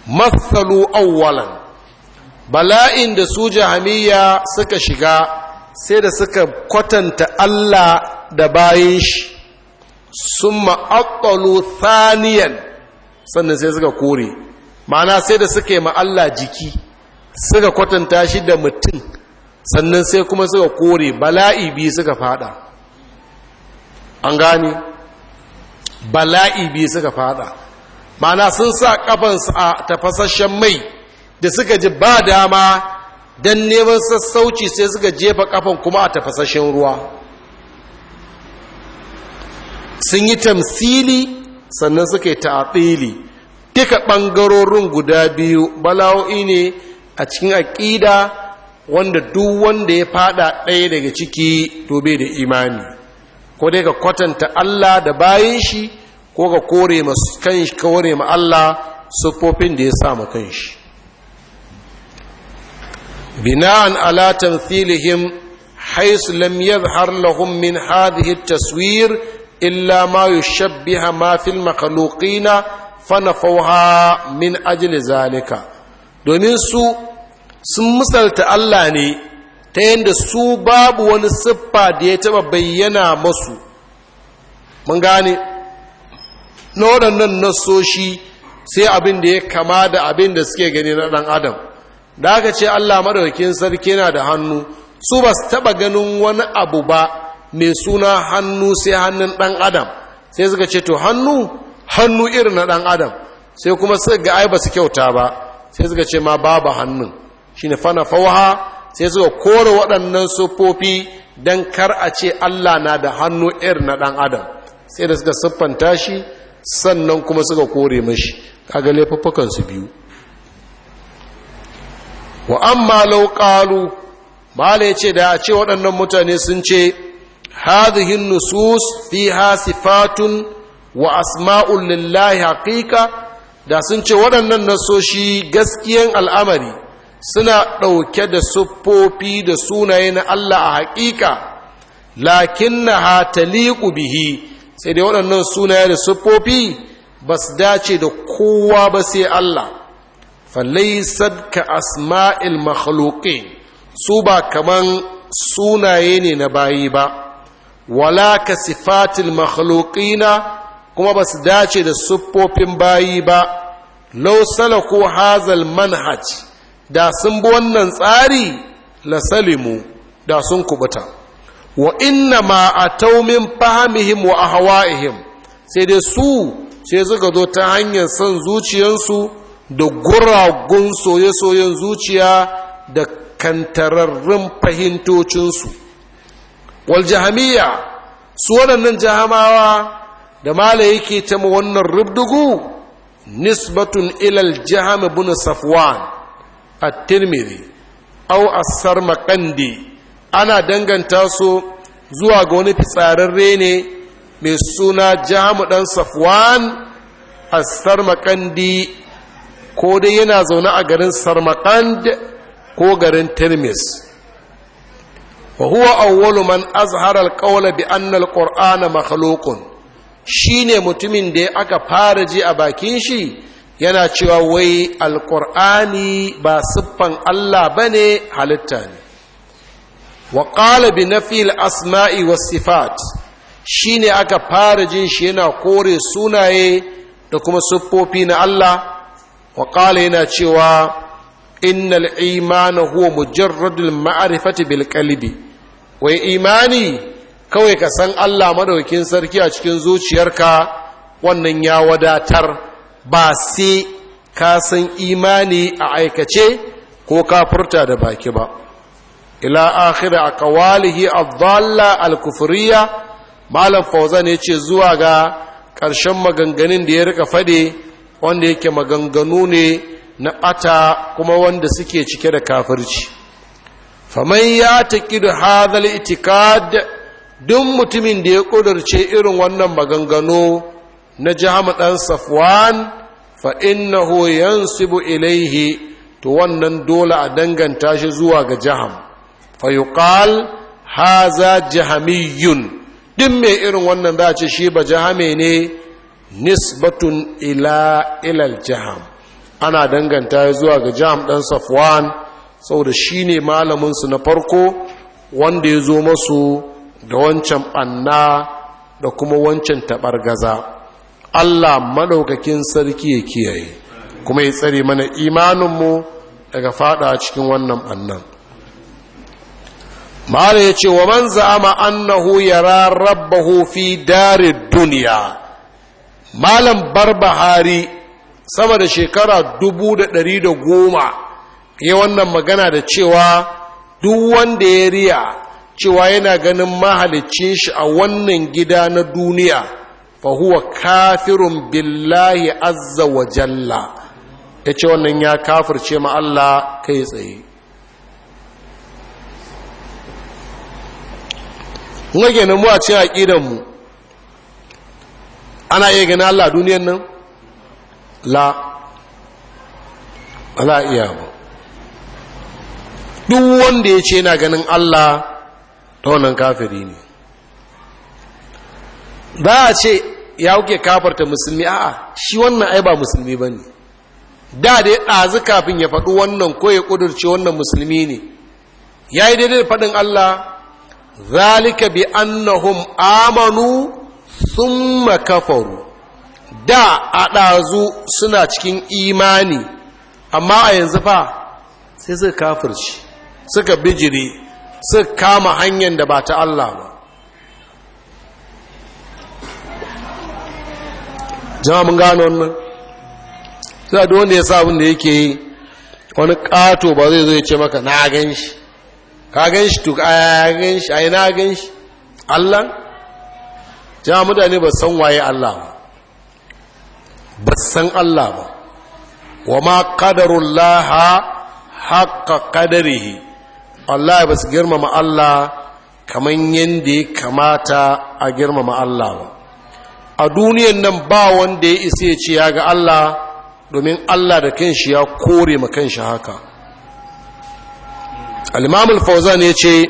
masalu awwalan bala'in da su jahamiya suka shiga sai da suka kwatanta Allah da bayan shi sun ma'akwalo thaniyan sannan sai suka kore ma'ana sai da suka yi ma'alla jiki suka kwatanta shi da mutum sannan sai kuma suka kore bala'i biyu suka fada an gane bala'i biyu suka fada ma'ana sun sa kafansu a tafasashen mai da suka ji ba dama don neman sassauci sai suka jefa kafan kuma a tafasashen ruwa sun yi tamsili sannan suka yi duka ɓangarorin guda biyu bala'o'i ne a cikin aƙida wanda duk wanda ya fada ɗaya daga ciki to da imani ko dai ka kwatanta Allah da bayan shi ko ka kore ma kan shi kore ma Allah siffofin da ya sa ma kan shi bina'an ala filihim haisu lam yadhhar lahum min hadhihi taswir illa ma yushabbiha ma fil Fana fauha min ajli zalika domin su sun misalta Allah ne ta yadda su babu wani siffa da ya taba bayyana masu mun gane na waɗannan nasoshi sai abin da ya kama da abin da suke gani na ɗan adam da aka ce Allah madaukin sarki yana da hannu su basu taɓa ganin wani abu ba mai suna hannu sai hannun ɗan adam sai suka ce to hannu hannu irin na ɗan adam sai kuma suka ga ai ba su kyauta ba sai suka ce ma babu hannun shi ne fana fawaha sai suka kore waɗannan siffofi don kar a ce allah na da hannu irin na ɗan adam sai da suka siffanta shi sannan kuma suka kore mashi kaga laifuffukansu biyu wa amma lauƙalu ba ce da a ce waɗannan mutane sun ce hadhihi nusus fiha sifatun wa Asma'u lillahi haqiqa da sun ce waɗannan nasoshi gaskiyan al'amari suna ɗauke da siffofi da sunaye na Allah a haƙiƙa lakin na hataliku bihi sai dai waɗannan sunaye da siffofi ba su dace da kowa ba sai Allah falaisad ka asma'il makhluqin su ba kaman sunaye ne na bayi ba wala ka sifatil makhluqina kuma ba su dace da siffofin bayi ba law salaku hazal manhaj da sun bi wannan tsari la salimu da sun kubuta wa inna ma atau min fahmihim wa ahwa'ihim sai dai su sai suka zo ta hanyar san zuciyansu da guragun soye-soyen zuciya da kantararrun fahimtocinsu wal jahamiya su waɗannan jahamawa da mala yake ta ma wannan rubdugu nisbatun ilal jaham ibn safwan at-tirmidhi aw as-sarmaqandi ana danganta su zuwa ga wani fitsararre ne mai suna jahamu dan safwan as-sarmaqandi ko dai yana zaune a garin sarmaqand ko garin tirmis wa huwa awwalu man azhara alqawla bi anna alqur'ana makhluqun shine mutumin da ya aka fara ji a bakin shi yana cewa wai alqur'ani ba siffan Allah bane halitta ne wa qala bi nafi asmai was sifat shine aka fara jin shi yana kore sunaye da kuma siffofi na Allah wa qala yana cewa innal imana huwa mujarradul ma'rifati bil qalbi wai imani kawai ka san Allah madaukin sarki a cikin zuciyarka wannan ya wadatar ba sai ka san imani a aikace ko ka furta da baki ba ila akhira aqwalihi adhalla alkufriya malam fawzan yace zuwa ga ƙarshen maganganun da ya rika fade wanda yake maganganu ne na ata kuma wanda suke cike da kafirci faman ya taqidu hadhal itikad duk mutumin da ya kudurce irin wannan magangano na jahama ɗan safwan fa innahu yansibu ilaihi to wannan dole a danganta shi zuwa ga jaham fa yuqal haza jahamiyun duk mai irin wannan za ce shi ba jahame ne nisbatun ila ilal jaham ana danganta zuwa ga jaham ɗan safwan saboda shi ne malaminsu na farko wanda ya zo masu da wancan ɓanna da kuma wancan gaza. allah maɗaukakin sarki ya kiyaye kuma ya tsare mana imaninmu daga fada cikin wannan ɓannan Mara ya ce wa man za'ama annahu yara rabbahu fi dare duniya malam barbahari sama da shekara dubu da da goma yi wannan magana da cewa duk wanda ya riya cewa yana ganin mahalicin shi a wannan gida na duniya fa huwa kafirun billahi azza wa jalla ya ce wannan ya kafirce ma Allah kai tsaye nage na mu a cin aƙidanmu ana iya gani Allah duniyan nan la ba za a iya ba duk wanda ya ce na ganin Allah ta wannan kafiri ne ba a ce ya huke kafarta musulmi a'a shi wannan ai ba musulmi ba ne da da ya ɗazu kafin ya faɗi wannan ko ya ƙudurce wannan musulmi ne ya yi daidai da faɗin Allah zalika bi annahum amanu sun kafaru da a ɗazu suna cikin imani amma a yanzu fa sai suka kafirci suka bijiri suka kama hanyar da ba ta Allah ba jamun mun gano wannan sai da wanda ya sa abin da yake yi wani kato ba zai zo ya ce maka na gan shi ka gan shi tuk a shi na gan shi Allah da mutane ba san waye Allah ba ba san Allah ba wa ma laha haƙa ƙadarihi Allah ba su girmama Allah kamar yadda ya kamata a girmama Allah ba a duniyan nan ba wanda ya isa ya ce ya ga Allah domin Allah da kanshi ya kore ma kanshi haka Al’imamul fauzan ya ce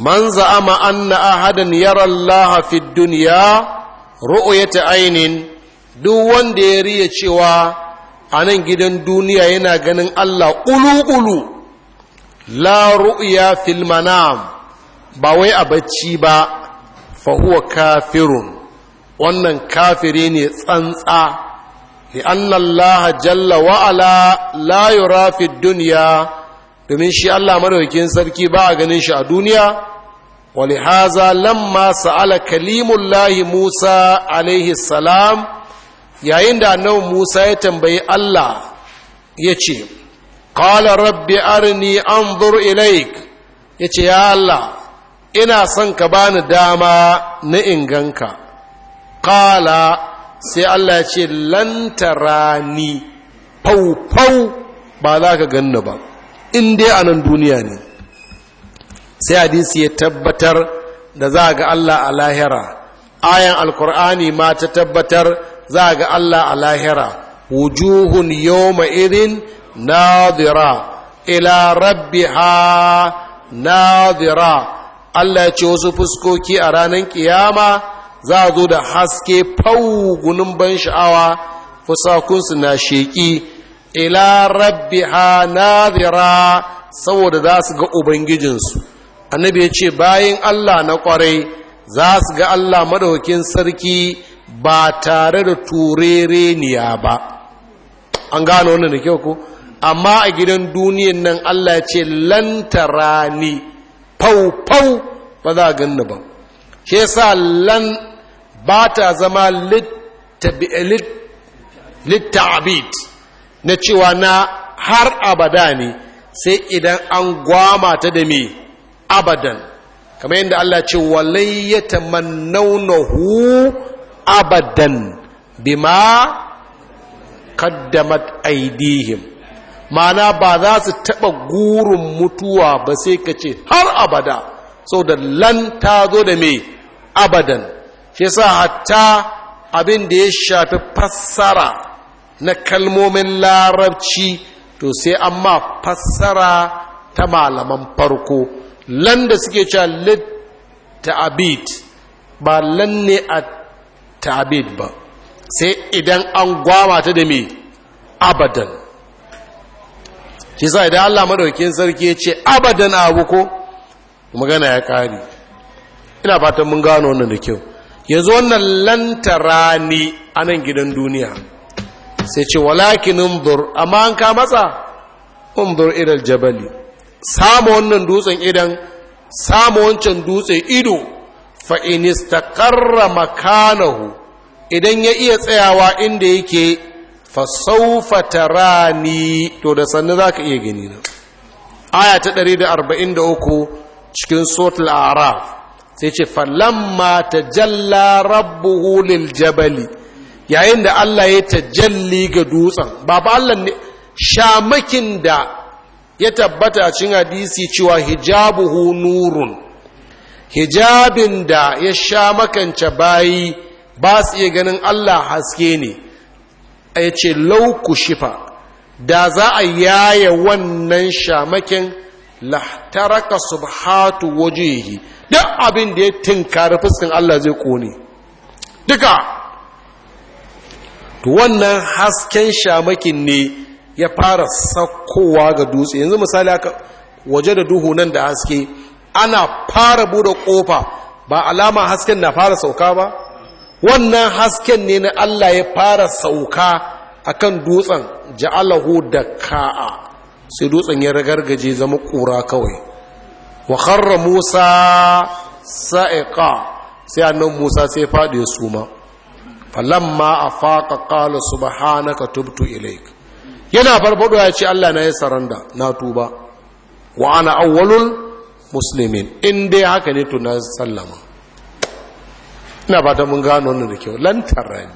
man za'ama anna ahadan yara Allah fi dunya ru'yata ainin duk wanda ya riya cewa a nan gidan duniya yana ganin Allah ƙulu-ƙulu la ru'ya fil manam ba wai a bacci ba fa huwa kafirun wannan kafiri ne tsantsa li anna Allah jalla wa ala la yura fi dunya domin shi Allah madaukakin sarki ba a ganin shi a duniya ولهذا لما lamma sa'ala Kalimullahi Musa عليه السلام yayin da annabi Musa ya tambayi Allah ya ce qala rabbi arni anzur ilaik yace ya ina son ka bani dama na inganka qala sai Allah ce lan tarani fau fau ba za ka ganna ba in dai a duniya ne sai hadisi ya tabbatar da za ga Allah a lahira ayan alkur'ani ma ta tabbatar za ga Allah a lahira wujuhun yauma irin nadira ila rabbiha nadira Allah ya ce wasu fuskoki a ranar kiyama za a zo da haske faugunin ban sha'awa fusakunsu na sheƙi ila rabbiha nadira saboda za su ga ubangijinsu annabi ya ce bayan Allah na kwarai za su ga Allah madaukin sarki ba tare da turereniya ba an gano wannan da kyau ko amma a gidan duniyan nan Allah ce lantara ni fau-fau ba za a ganni ba shi yasa lan ba ta zama littabit na cewa na har abada ne sai idan an gwama ta da me abadan kamar yadda Allah ce walai ya tamannaunahu abadan bima kaddamat aidihim mana ba za su taɓa gurin mutuwa ba sai ka ce har abada sau da lan ta zo da mai abadan shi sa hatta abin da ya shafi fassara na kalmomin larabci to sai an ma fassara ta malaman farko lan da suke cewa lit ta'abid ba lan ne a ta'abid ba sai idan an gwama ta da mai abadan shi sa idan Allah madaukakin sarki ya ce abadan abu ko magana ya kare ina fatan mun gano wannan da kyau yanzu wannan lantara ne a nan gidan duniya sai ce walakin umdur amma an ka matsa umdur idal jabali samu wannan dutsen idan samu wancan dutse ido fa inistaqarra makanahu idan ya iya tsayawa inda yake fasaufa rani. to da sannu za ka iya gani na aya ta 143 cikin sotul araf sai ce falamma jalla Rabbu hulil jabali yayin da Allah ya tajalli ga dutsen babu Allah ne shamakin da ya tabbata a cikin hadisi cewa hijabuhu nurun hijabin da ya sha makance bayi ba su iya ganin Allah haske ne a ya ce lauku shifa da za a yaya wannan shamakin lahtaraka subhatu wajehi duk abin da ya tinkari fuskan Allah zai kone duka wannan hasken shamakin ne ya fara sakowa ga dutse yanzu misali aka waje da duhu nan da haske ana fara bude kofa ba alama hasken na fara sauka ba wannan hasken ne na Allah ya fara sauka akan dutsen ja'alahu da ka'a sai dutsen ya ragargaje zama ƙura kawai wa kharra Musa sa'iqa sai annan Musa sai faɗi ya suma falamma afaqa qala subhanaka tubtu ilaik yana farfado ya ce Allah na ya saranda na tuba wa ana awwalul muslimin in dai haka ne to sallama ina ba ta mun gano wannan da kyau lantar rani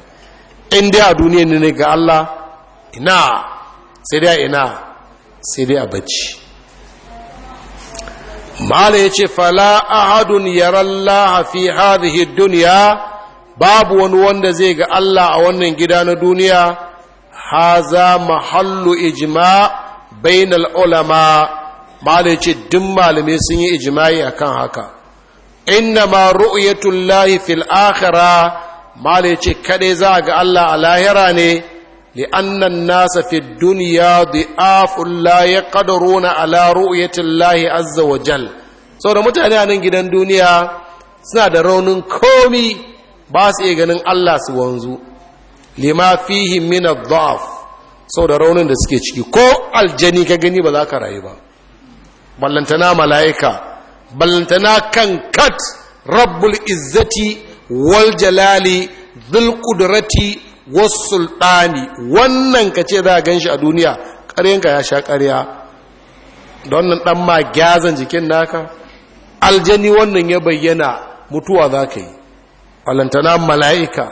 in a duniya ne ga Allah ina sai dai ina sai dai a bacci mala yace fala ahadun yara Allah fi hadhihi dunya babu wani wanda zai ga Allah a wannan gida na duniya haza mahallu ijma bainal ulama mala yace duk malamai sun yi ijma'i akan haka inna ma ru'yatul lahi fil akhirah mala ce kade za ga Allah a lahira ne li anna an-nas fi dunya dhi'afun la yaqdiruna ala ru'yatil lahi azza wa jal saboda mutane a nan gidan duniya suna da raunin komi ba su iya ganin Allah su wanzu lima fihi min adh-dha'f saboda raunin da suke ciki ko aljani ka gani ba za ka rayu ba ballantana mala'ika ballantana kan kat rabbul izzati wal jalali dhul qudrati was sultani wannan kace za a ganshi a duniya ƙaryanka ya sha ƙarya don nan dan ma gyazan jikin naka aljani wannan ya bayyana mutuwa za ka yi ballantana mala'ika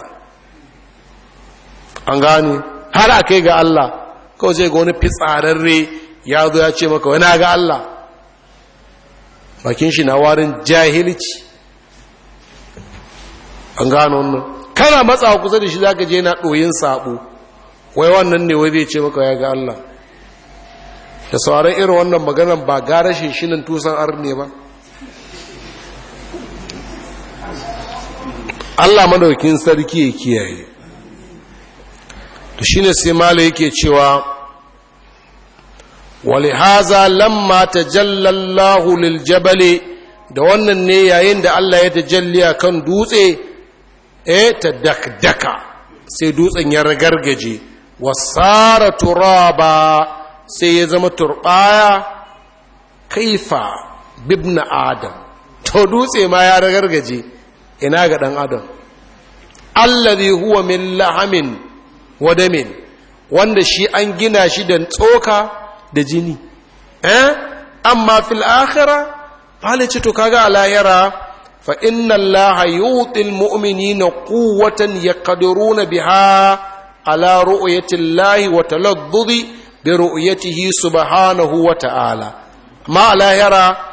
an gane har a kai ga Allah kawai zai ga wani fitsararre ya zo ya ce maka wani ga Allah bakin shi na warin jahilci an gano wannan kana matsa kusa da shi za ka je na ɗoyin sabo wai wannan ne wai zai ce maka ya ga Allah da sauran irin wannan maganan ba gara shi shinin tusan ar ne ba Allah madaukin sarki ya kiyaye to shine sai mala yake cewa ولهذا لما تجلى الله للجبل da wannan ne yayin da Allah ya tajalli a kan dutse Eh ta dakdaka sai dutsen ya ragargaje wasara turaba sai ya zama turbaya kaifa bibna adam to dutse ma ya ragargaje ina ga dan adam allazi huwa min lahamin wa damin wanda shi an gina shi dan tsoka da jini eh amma fil akhira fala ce to kaga a lahira fa inna allaha yuti al mu'minina quwwatan yaqdiruna biha ala ru'yati allahi wa taladdudi bi ru'yatihi subhanahu wa ta'ala ma a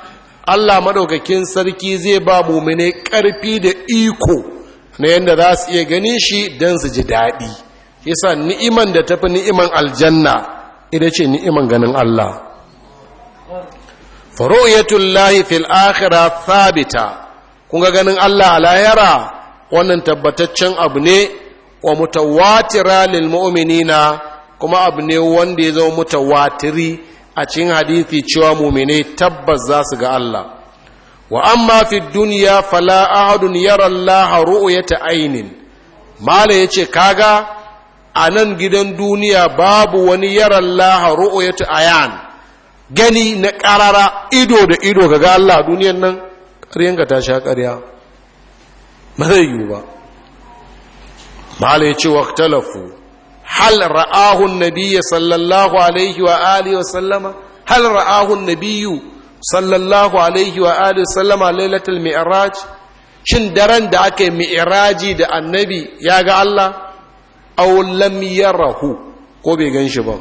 Allah madaukakin sarki zai ba mumine ƙarfi da iko na yadda za su iya ganin shi don su ji daɗi yasa ni'iman da tafi ni'iman aljanna ita ce ni'iman ganin Allah ya tullahi fil akhirah thabita kunga ganin Allah a wannan tabbataccen abu ne wa mutawatira lil mu'minina kuma abu ne wanda ya zama mutawatiri a cikin hadisi cewa mu'mine tabbas za su ga Allah wa amma fi duniya fala ahadun yara Allah ru'yata ainin mala yace kaga a nan gidan duniya babu wani yaran laha ru'uyatu ayan gani na ƙarara ido da ido kaga Allah duniyan nan ƙaryanka ta sha ƙarya ba zai yiwu ba malai ce talafu hal ra'ahun nabiya sallallahu alaihi wa alihi wa sallama hal ra'ahun nabiyyu sallallahu alaihi wa alihi wa sallama lailatul mi'raj shin daren da aka yi mi'raji da annabi ya ga Allah aw lam yarahu ko bai gan shi ba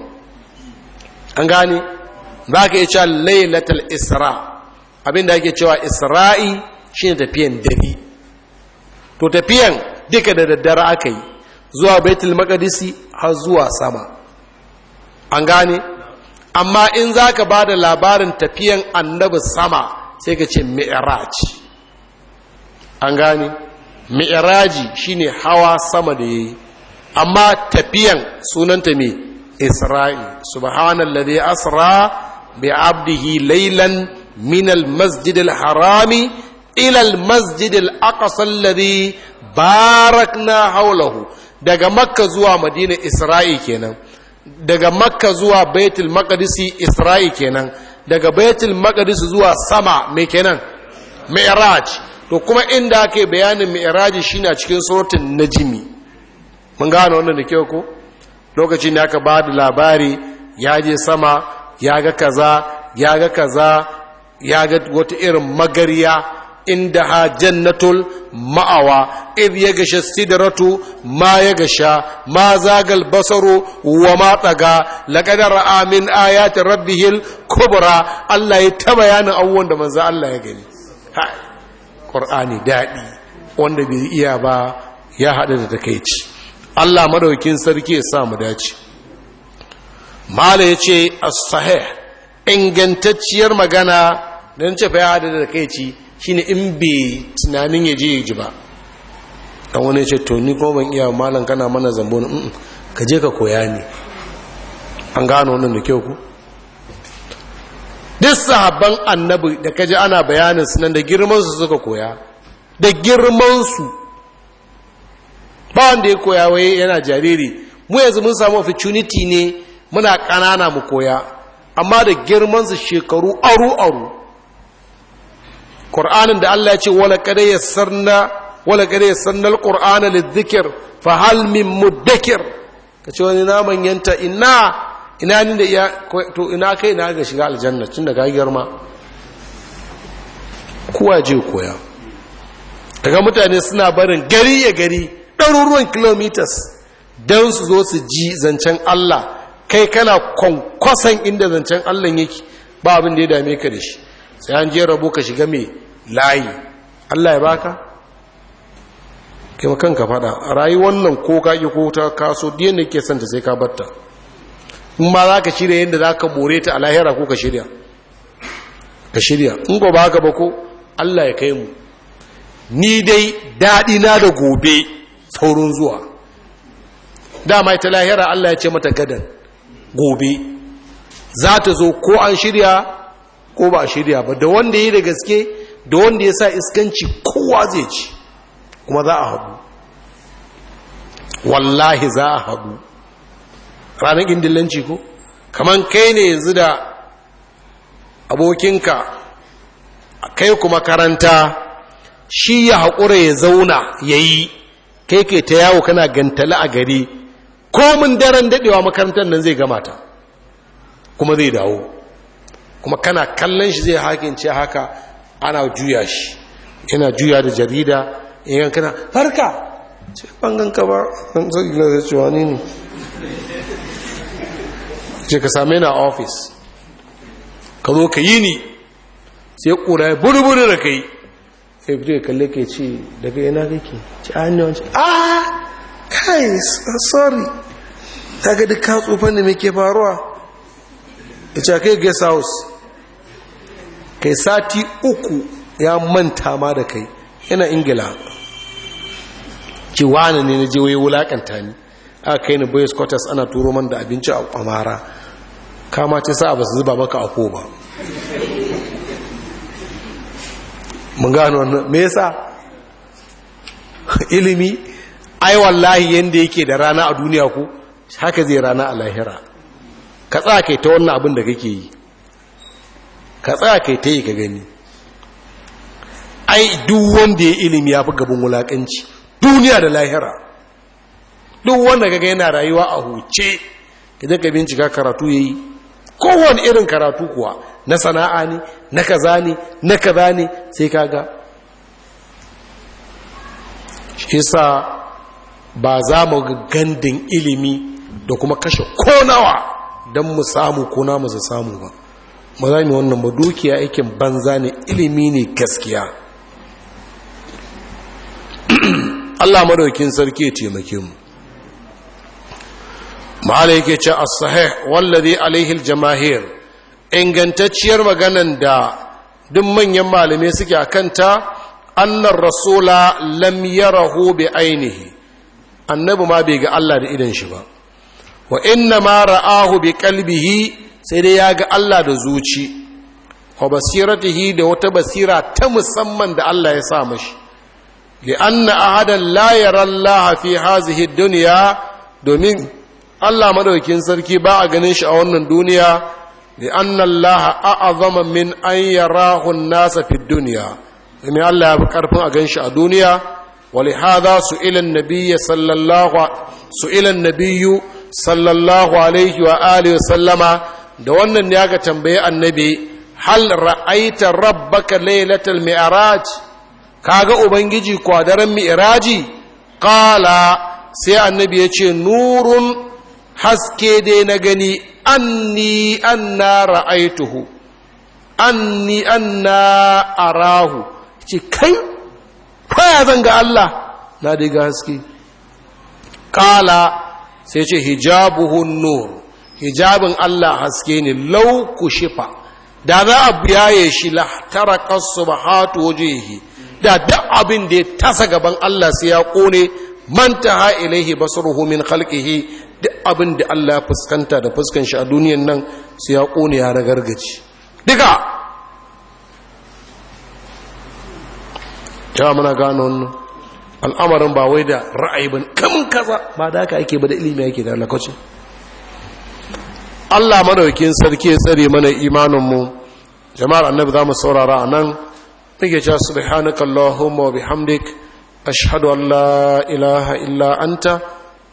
an gane za ka iya cewa lailatul isra abinda ake cewa isra'i shine tafiyan dare to tafiyan duka da daddare aka yi zuwa baitul maqdisi har zuwa sama an gane amma in za ka ba da labarin tafiyan annabi sama sai ka ce mi'raj an gane mi'raji shine hawa sama da yayi amma tafiyan sunanta me isra'i subhanallazi asra bi abdihi laylan min almasjid alharami ila almasjid alaqsa alladhi barakna hawlahu daga makka zuwa madina isra'i kenan daga makka zuwa baitul Makadisi isra'i kenan daga baitul maqdis zuwa sama me kenan mi'raj to kuma inda ake bayanin mi'raji shine a cikin suratul najmi mun gane wannan da kyau ko lokacin da aka ba da labari ya je sama ya ga kaza ya ga kaza ya ga wata irin magariya inda ha jannatul ma'awa idh ya gasha sidratu ma ya gasha ma zagal basaru wa ma tsaga laqad ra'a min ayati rabbihil kubra Allah ya ta bayanin abubuwan da manzo Allah ya gani Qur'ani dadi wanda bai iya ba ya hada da takeici Allah madaukin sarki ya sa mu dace mala ce as-sahih ingantacciyar magana dan ce fa ya da kai ci shine in bai tunanin ya je ji ba dan wani ce to ni ko ban iya malan kana mana zambo ne ka je ka koya ne an gano wannan da kyau ku duk sahabban annabi da kaje ana bayanin su nan da girman su suka koya da girman su ba wanda ya koya waye yana jariri mu yanzu mun samu opportunity ne muna ƙanana mu koya amma da girman su shekaru aru aru Qur'anin da Allah ya ce wala kada yassarna wala kada yassarna alqur'ana qurana fa hal min mudakkir kace wani na manyanta ina ina ni da iya to ina kai na ga shiga aljanna tun da ka girma kuwa je koya daga mutane suna barin gari ya gari ɗaruruwan kilomitas don su zo su ji zancen Allah kai kana kwankwasan inda zancen Allah yake ba abin da ya dame ka da shi sai an je rabo ka shiga mai layi Allah ya baka kai kanka fada rayuwar nan ko ka ko ta kaso da yanda kake santa sai ka batta in ba za ka shirya yadda za ka bore ta a lahira ko ka shirya ka shirya in ba haka ba ko Allah ya kai mu ni dai daɗi na da gobe kaurin zuwa dama ita lahira Allah ya ce mata gadan gobe za ta zo ko an shirya ko ba shirya ba da wanda ya da gaske da wanda ya sa iskanci kowa zai ci kuma za a haɗu wallahi za a haɗu ranar indillanci ko kamar kai ne yanzu da abokinka kai kuma karanta shi ya haƙura ya zauna ya yi kai ke ta yawo kana gantala a gari komin daren dadewa makarantar nan zai gama ta kuma zai dawo kuma kana kallon shi zai hakince haka ana juya shi yana juya da jarida in kana farka ce ka ba zai gina da cewa ni ne ce ka same na ofis ka zo ka yi ni sai kura ya buru-buru da yi sai fito ya kalle ke ce daga yana kake ci a hanyar wancan a ah, kai sorry ta ga duk katsufan da mai ke faruwa ya ce kai guest house kai sati uku ya manta ma da kai yana ingila ki wani ne na jiwoyi wulakanta ni a kai ni boys quarters ana turo man da abinci a kwamara kama ce sa ba su zuba maka a ako ba mun gano wannan me yasa ilimi ai wallahi yanda yake da rana a duniya ko haka zai rana a lahira ka tsaya kai ta wannan abin da kake yi ka tsaya kai ta yi ka gani ai duk wanda ya ilimi ya fi gaban wulakanci duniya da lahira duk wanda gani yana rayuwa a huce ka je ka bincika karatu yayi kowane irin karatu kuwa na sana'a ne na kaza ne na kaza ne sai kaga shi sa ba za mu gandun ilimi da kuma kashe konawa don mu samu ko mu samu ba mu za mu wannan ba dukiya aikin banza ne ilimi ne gaskiya Allah madaukin sarki ya taimake mu malai ke ce a sahih wallazi alaihi al ingantacciyar maganan da duk manyan malamai suke a ta annar rasula lam yarahu bi ainihi annabi ma bai ga Allah da idan shi ba wa inna ma ra'ahu bi qalbihi sai dai ya ga Allah da zuci wa basiratihi da wata basira ta musamman da Allah ya sa mashi li anna ahadan la yara Allah fi hazihi dunya domin Allah madaukin sarki ba a ganin shi a wannan duniya li anna a'azama min an yarahu an-nasa fi dunya Allah ya fi karfin a shi a duniya wali hadha su'ila an-nabiy sallallahu su'ila an-nabiy sallallahu alaihi wa alihi sallama da wannan ne aka tambaye annabi hal ra'aita rabbaka laylatal mi'raj kaga ubangiji kwadaran mi'raji qala sai annabi ya ce nurun haske dai na gani anni anna ra'aituhu anni anna arahu ce kai kwaya zan ga Allah na dai ga haske kala sai ce hijabuhun nur hijabin Allah haske ne lau shifa da za a biyaye shi kasu lahtaraqas subhatu wajhihi da duk abin da ya tasa gaban Allah sai ya kone manta ha ilaihi basruhu min khalqihi duk abin da Allah ya fuskanta da fuskan shi a duniyan nan su ya ƙone ya ragargaci duka ta muna gano wannan al'amarin ba wai da ra'ayi ban kamun kaza ba da aka ake ba da ilimi ake da lokaci Allah madaukin sarki ya tsare mana imanin mu jama'ar annabi za mu saurara a nan nake cewa subhanakallahumma wa bihamdik ashhadu an la ilaha illa anta